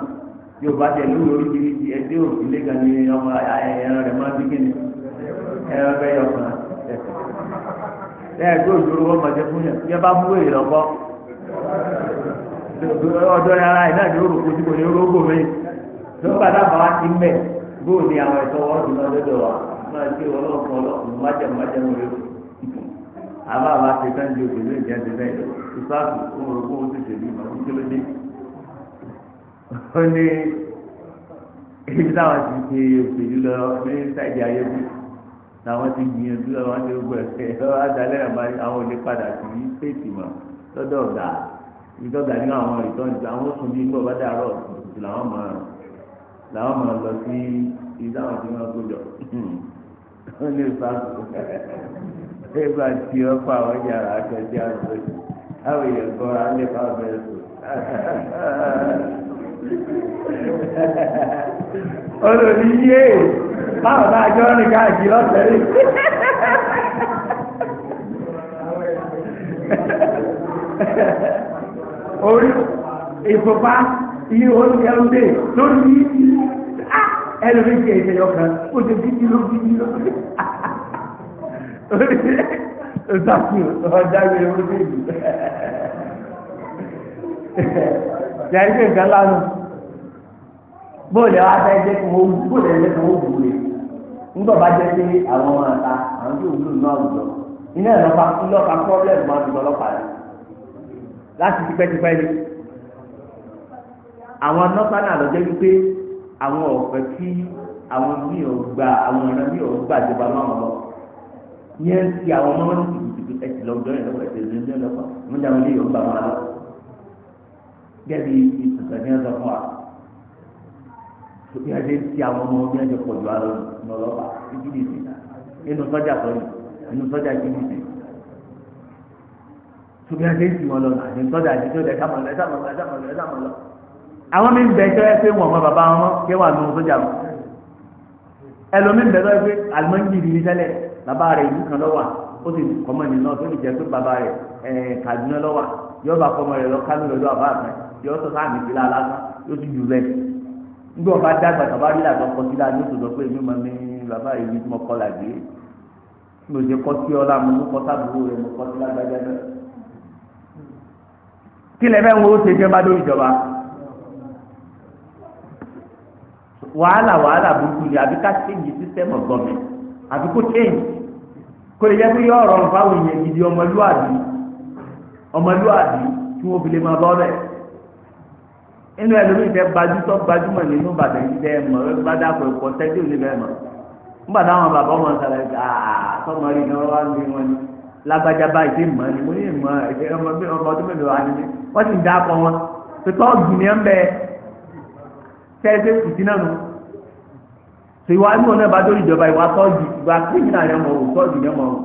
bí o bá jẹ lórí oríṣiríṣi ẹdí òòtú lẹ́gàn ni ọmọ ẹran rẹ̀ máa bí kíni ẹran bẹ́ẹ̀ yọ kan lẹ́yìn tó ìṣòro wọn máa jẹ fún yàn yẹ bá mú èrè lọ́kọ́ ọjọ́ ara ẹ̀ náà ni ó rò kó tí kò ní rógbò mi tó ń bàtà bàbá ti mẹ́ bóòlì àwọn ẹ̀tọ́ wọn ti lọ lọ́dọ̀ wa máa ń gbé wọn lọ́kọ̀ọ́ lọ́kùnrin májẹ̀mú májẹ̀mú rẹ̀ àbá àbá ti fẹ́ ju òṣèlú ìjẹ́ ti fẹ́ ìsáàtù fún orúkọ ó sì ṣèlú ìmọ̀ ó kíló dé. ó ní ibi táwọn ti ṣe òṣèlú lọ ní sáìdì ayébù làwọn ti gbìyànjú àwọn ti gbọ́ ẹ̀fẹ́ adalẹ́ àwọn òde padà sí fèsì mọ́ lọ́dọ̀ ọ̀gá ìtọ́gà nínú àwọn ìtọ́jú àwọn oṣù bíi gbọ́ bá dàrọ̀ òṣù làwọn mọ̀ làwọn mọ̀ lọ sí ibi táwọn ti máa gbọ́dọ̀ ó ní ìsáàtù nígbà tí ó fa àwọn yàrá àtẹ̀jẹ́ àgbẹ̀ àwọn èèyàn gbọ́ra lè fa bẹ́ẹ̀ sùn. olórí yé báwo bá jọ rìn káàkiri lọ́sẹ̀ rí. orí ìfúnpá iye oúnjẹ oúnjẹ lórí ẹlòmíkì ẹ̀jẹ̀ yọkan ó ti fi ló fi ló fi. ìtàkù ọjà ìwé orí ìlú yàrá ìgbé nǹkan lánàá bóòlù àwọn afẹ́jẹ́ kò wọ́n bóòlù ẹ̀jẹ̀ kò wọ́n bùrù rẹ̀ jẹ́ pé àwọn ọmọ àta àwọn tó wúlò náà wùdọ̀ iná pọ́blẹ́mù máa ń ọlọ́pàá rẹ̀ láti tipẹ́tipẹ́ ni àwọn nọ́sánà lọ́jọ́ wípé àwọn ọ̀fẹ́ tí àwọn ò gbà àwọn ọ̀nà ò gbà jọba yẹn ti àwọn ọmọ wọn ti tìbí ẹtì lọ́dọ̀ yẹn lọ́pọ̀ ẹtì lọ́dọ̀ yẹn lọ́pọ̀ mo dáwọn ilé yóò gbà wọn lọ gẹ́bí ìtùtù ní ọ̀sán fún wa tóbi ẹsẹ̀ ti àwọn ọmọ ọmọ ẹjọ pọ̀ jù alọ́ lọ́lọ́pàá títí di ìsìn nínú sọ́jà sọ́yìn nínú sọ́jà ìdílé ìsìn tóbi ẹsẹ̀ ti wọn lọ àti sọ́jà ìdílé ìsìn sábà lọ sábà lọ sábà lọ sábà lọ. àwọn mi ń bẹ ẹjọ́ ẹ pé wọn ọmọ bàbá wọn kí wọn àlọ́ sọ́jà wọn ẹlòmí ń bẹ ẹjọ́ ẹ pé bàbá rẹ̀ ìlú kan lọ́wà ó sì kọ́mọ nínú ọ̀tún ìjẹ́ pé bàbá rẹ̀ Kaduna lọ́wà yóò bá kọ́mọ rẹ̀ lọ Kánò lọ́dọ̀ àbá àfẹ́ yóò sọ sáà nìfi la lásán yóò ti jù bẹ́ẹ̀ nígbà wọn bá dàgbà tàbá rí làtọ̀ kọ sí láàrin oṣù lọ́pẹ́ mi máa ní bàbá ìlú tí mo kọ́ làgbé mo ṣe kọ́ sí ọlá mo mú kọ́ sábúrò rẹ̀ mo kọ́ sí lágbájá náà kí lẹ́ fẹ́ wo ó ṣe jẹ́ bá lórí ìjọba wàhálà wàhálà burúkú ni àbí change system of government àbí kó change kó lè jẹ́ pé yọ ọ̀rọ̀ nǹkan àwọn èèyàn gidi ọmọlúwàbí ọmọlúwàbí tí wọ́n fi lè máa bọ́ bẹ́ẹ̀ inú ẹlòmíì fẹ́ gbajútọ́ gbajúmọ̀ nínú bàtà yìí tẹ́ mọ̀ bá dàpọ̀ ẹ̀kọ́ tẹ́tí ò ní bẹ́ẹ̀ mọ̀ nígbà táwọn bàbá ọmọ sàlẹ̀ àtọ́mọ rí ni wọ́n wá ń ni lágbájá báyìí tí mọ̀ ni mo ní ìmọ̀ ẹ̀jẹ̀ ọmọ bí ọmọ ọdún mélòó wa ni mí sì ń dá akọ wọn pẹ̀tọ́ ọ̀gbìn bẹ tẹ́ẹ̀sì kùtì tìwá ní ọ̀nà ìbájọ́ ìjọba ìwà tọ́jú ìgbà kírímìnà rẹ̀ mọ̀ ọ́ tọ́jú rẹ̀ mọ̀ ọ́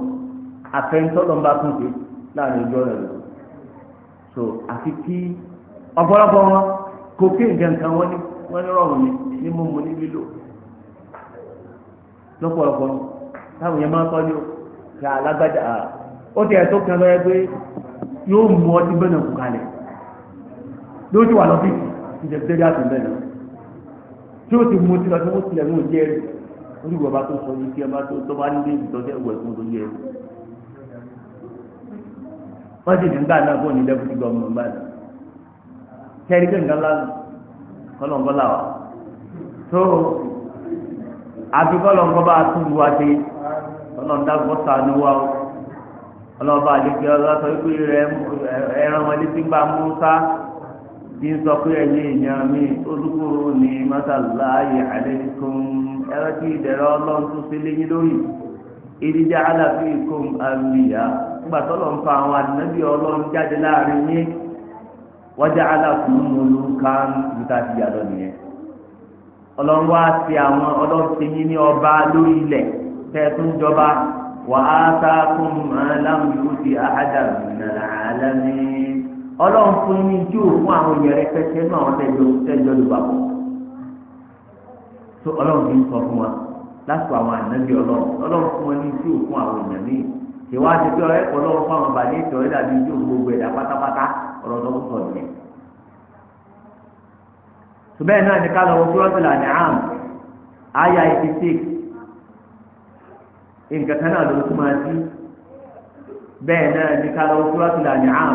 àfẹ́ńtọ́lọ́ ń bá tún ṣe láàrin ìjọ rẹ̀ lọ. so àfi kí ọ̀pọ̀lọpọ̀ wọn cocaine gankan wọn ní wọn ní rọrùn ní ní mímu ní lílo lọ́pọ̀lọpọ̀ táwọn yẹn máa ń tọ́jú kí alágbádá ó ti ẹ̀ tó kan lọ́yẹ pé yóò mú ọtí bẹ́ẹ̀ náà kú kalẹ̀ lójú wà lọ́fíìsì ìjẹ́bí tí ó ti mú ti lọ sí wọ́n tilẹ̀ wọ́n jẹ́ ẹ̀rù wọ́n ti bá tó sọ yìí kí ẹ tó tó bá nílé ìtọ́jú ẹ̀wọ̀ ẹ̀kún tó yẹ wọ́n ti dì ńgbà náà fún onílẹ̀ fún ìgbà ọmọ ìgbà náà kẹ́rì kí nǹkan lánà kọ́lọ̀ǹkọ́ là wà. tó àfi kọ́lọ̀ǹkọ́ bá tún bu àti o ọlọ́sọ bí sọ pé ẹyẹ èèyàn mi ni ní mọ́tàláyé àlẹ́kùn ẹ̀rọ tí ìdẹ̀rẹ̀ ọlọ́run tó ṣe léyìn lórí ìdíjà aláfi kùn àmìyá nígbà tó lọ́n fa àwọn àdínábì ọlọ́run jáde láàrin yín aláfi kan níta ti yàtọ̀ nìyẹn ọlọ́run wá sí àwọn ọlọ́run ti yín ní ọba lórí ilẹ̀ jọba wàá sá ọlọ́run fún yín ní jù fún àwọn èèyàn rẹ pẹ́sẹ́ náà wọ́n tẹ́jọ́ tẹ́jọ́ ló bọ̀ tó ọlọ́run fi ń sọ fún wa àwọn ọlọ́run ọlọ́run fún wọn ní fún àwọn èèyàn fún àwọn bàdé ìtọ́ ẹ̀dá bíi gbogbo ẹ̀dá pátápátá tó ń sọ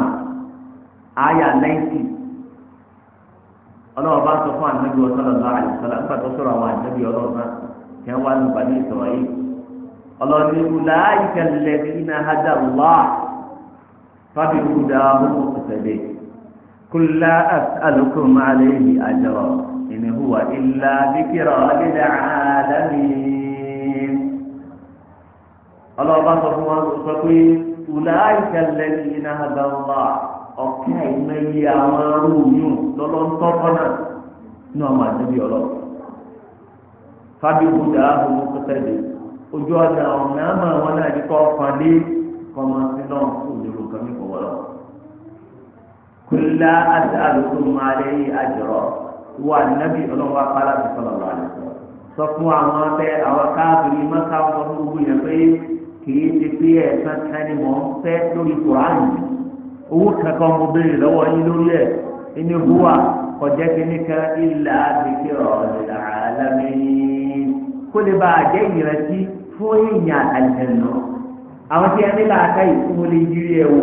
nìyẹn àyà náìtì ọlọ́wọ́ bá sọ fún ànábi sallallahu alaihi wasallam nígbà tó sọ̀rọ̀ àwọn ànábi ọlọ́wọ́ náà kí wọ́n wá ní ìbàdí ìsọ̀rọ̀ yìí ọlọ́ni ulaika alladhina hada Allah fábí kúdà ọmọ òṣèlè kulla as'alukum alayhi ajra in huwa illa dhikra lil alamin. ọlọ́wọ́ bá sọ fún wọn sọ pé ulaika alladhina hada Allah ọ̀kẹ́ àìmọye àwọn arúgbó lọ́lọ́ ń tọ́kọ́ náà ní ọmọ àdébí ọlọ́run fábí gbọdọ̀ ààbò mú pẹ́tẹ́lẹ̀ ojú ọ̀dà ọ̀nà àmọ́ àwọn náà ní kọ́ fadé kọ́mọ sí náà kó lèrò kan ní kọ̀wọ́lọ́. kúlá àti àlùkò máa lé àjọrọ̀ wà nábì ọlọ́wọ́ apálá ti sọ̀rọ̀ wà lẹ́sọ̀. sọ fún àwọn abẹ́ àwọn káàbìrì mọ́ká wọn gbogbo yẹn pé kì í ti pé ẹ̀sán kan ni wọ́n fẹ́ lórí kùránì yìí owó kankan mo béèrè lọ́wọ́ yín lórí ẹ̀ ẹni huwa kọjá kínní kan ilà àbíkẹ́ ọ̀lẹ́lá alámi kó lè bá a jẹ́ ìrètí fún èèyàn àjẹnà àwọn tí ẹni làákà ìfún lè yírí ẹ wò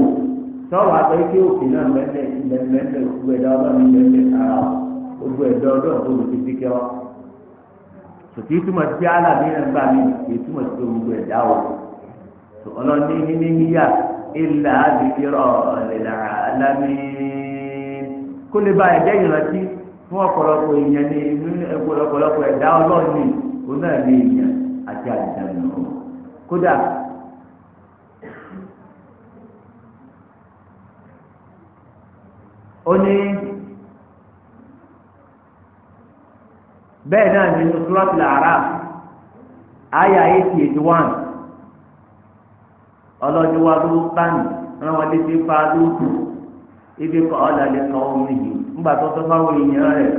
tọ́wọ́ àgbẹ̀ kí òkè náà mẹ́lẹ̀ mẹ́lẹ̀ gbogbo ẹ̀dá ọlọ́run mẹ́lẹ̀ ara gbogbo ẹ̀dá ọlọ́run tó lò ti fi kẹ́ ọ. sòtì túmọ̀ sí alábìrin gbà mí èyí túmọ̀ sí gbogbo ẹ̀dá o ọlọ́ni ní níyà ilà àdìgírọ̀ ìlà alámi kó lè ba ẹ̀jẹ̀ ìrántí fún ọ̀pọ̀lọpọ̀ èèyàn ní inú ọ̀pọ̀lọpọ̀ ẹ̀dá ọlọ́ọ̀ni òun náà ní èèyàn àti àdìdànù kódà ó ní bẹ́ẹ̀ náà nínú sùrọ̀tì làárà àyà eighty eight one ọlọ́jọ́ wa ló tánì rán wọn létí pa lóòtù ibi kọ́ ọ̀làlẹ̀ kan omi yìí ńgbà tó tọ́ fáwọn èèyàn rẹ̀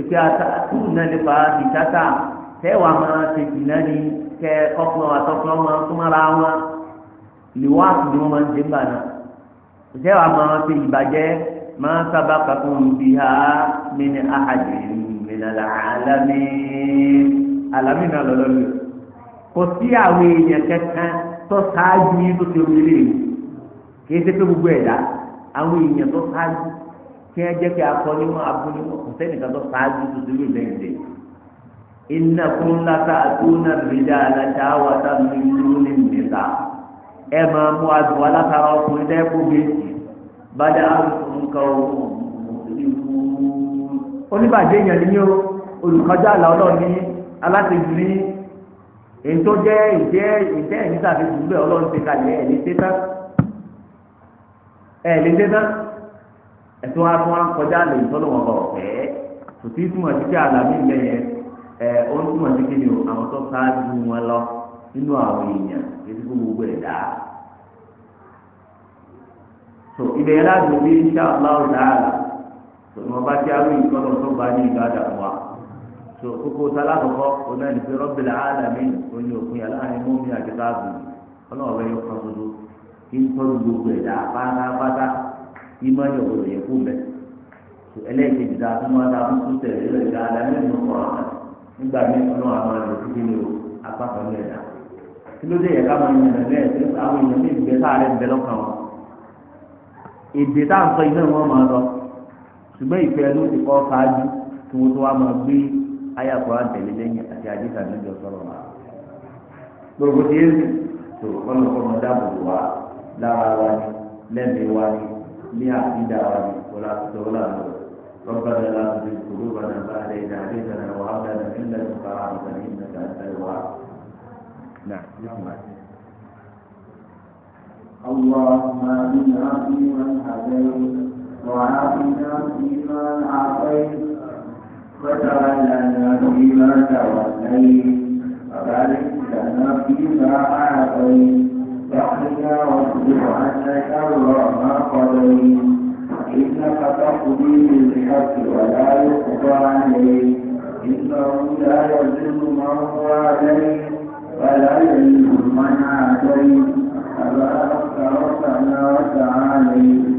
ìpè àtàkù náà lè fa ìtàtà tẹ́wàá máa ṣe jìnnà ni kẹ ọkùnrin àtọkùnrin máa ń súnmọ́ra wọn lìwáàtì ni wọ́n máa ń dé ńgbà náà tẹ́wàá máa ṣe ìbàjẹ́ máa sábà kankan bí ha mi ní ahàjẹ́ mi nàlá alámi alámi náà lọ́lọ́lọ́ kò sí àwọn èèyàn kẹta tó ṣáájú yín tó ti rí ilé yìí kì í ṣe pé gbogbo ẹ̀dá àwọn èèyàn tó ṣáájú kí wọ́n jẹ́ kí akọni wọn abúlé wọn kò sẹ́nìkan tó ṣáájú tó ti rí ilé yìí iná kún láta àtúnà rìdá aláta wàtá mímú ní nìta ẹ máa mú adùn alátara ọkùnrin dẹ́kun gbé bàdá àrùn nǹkan ọ̀hún oníbàjẹ́ yẹn ni yín o olùkọ́jà àlọ́ ọlọ́ọ̀ni aláṣẹ́jú ní èyí tó jẹ́ ìjẹ́ ìjẹ́ ẹ̀mí tàbí dùgbẹ́ ọlọ́run ti kalẹ̀ ẹ̀mí tẹ́tà ẹ̀mí tẹ́tà ẹ̀tọ́ wa tó wá ń kọjá lè tọ́lọ̀ wọn bọ̀ ọ̀fẹ́ tòtí túmọ̀ sí kí àlàmì ilẹ̀ yẹn ẹ̀ ó ń túmọ̀ sí kí ni àwọn tó ṣáájú wọn lọ nínú àwọn èèyàn ètò gbogbo ẹ̀dá so ibẹ̀ yẹn láti bí insha Allah ta'ala tòun ọba tí a rí ìtọ́lọ̀ tó bá ní ìgbà dàgbà so kókó sálá kọ̀kọ́ oná ní pé rọ́bìlì onye oní òkun yàrá àárín mọ́mí àti káàbù ọlọ́wọ́ ya yọ kan tuntun kí n tọ́jú gbogbo ẹ̀dá pátápátá kí má yọ gbogbo yẹn kú mẹ́. ẹlẹ́ẹ̀kejì dáa tó máa dáa fún tẹ̀lé ẹ̀dá àlàmì ìlú kọ̀ọ̀kan nígbà mí ọlọ́wọ́ àwọn ẹ̀dọ̀ tó kéde o apá kan ní ẹ̀dá. kí ló àyà kọ́ le lẹ́yìn àti àdìsá níbi ọ̀sọ́rọ̀ wa. gbogbo ti yé mi tó ọlọ́kọ́ da dáàbòbò wa lára wa ni lẹ́mìí wa ni ní da wa ni kọ́lá tó lọ́la lọ. ربنا لا تزغ da بعد إذ هديتنا da لنا من لدنك رحمة إنك أنت الوهاب. نعم. اللهم إنا فيمن هديت وعافنا فيمن عافيت وتولنا فيما توليت وبارك لنا فيما أعطيت وقنا واصرف عنا شر ما قضيت إنك تقضي بالحق ولا يقضى عليك إنه لا يذل من واليت ولا يذل من عاديت تبارك ربنا وتعاليت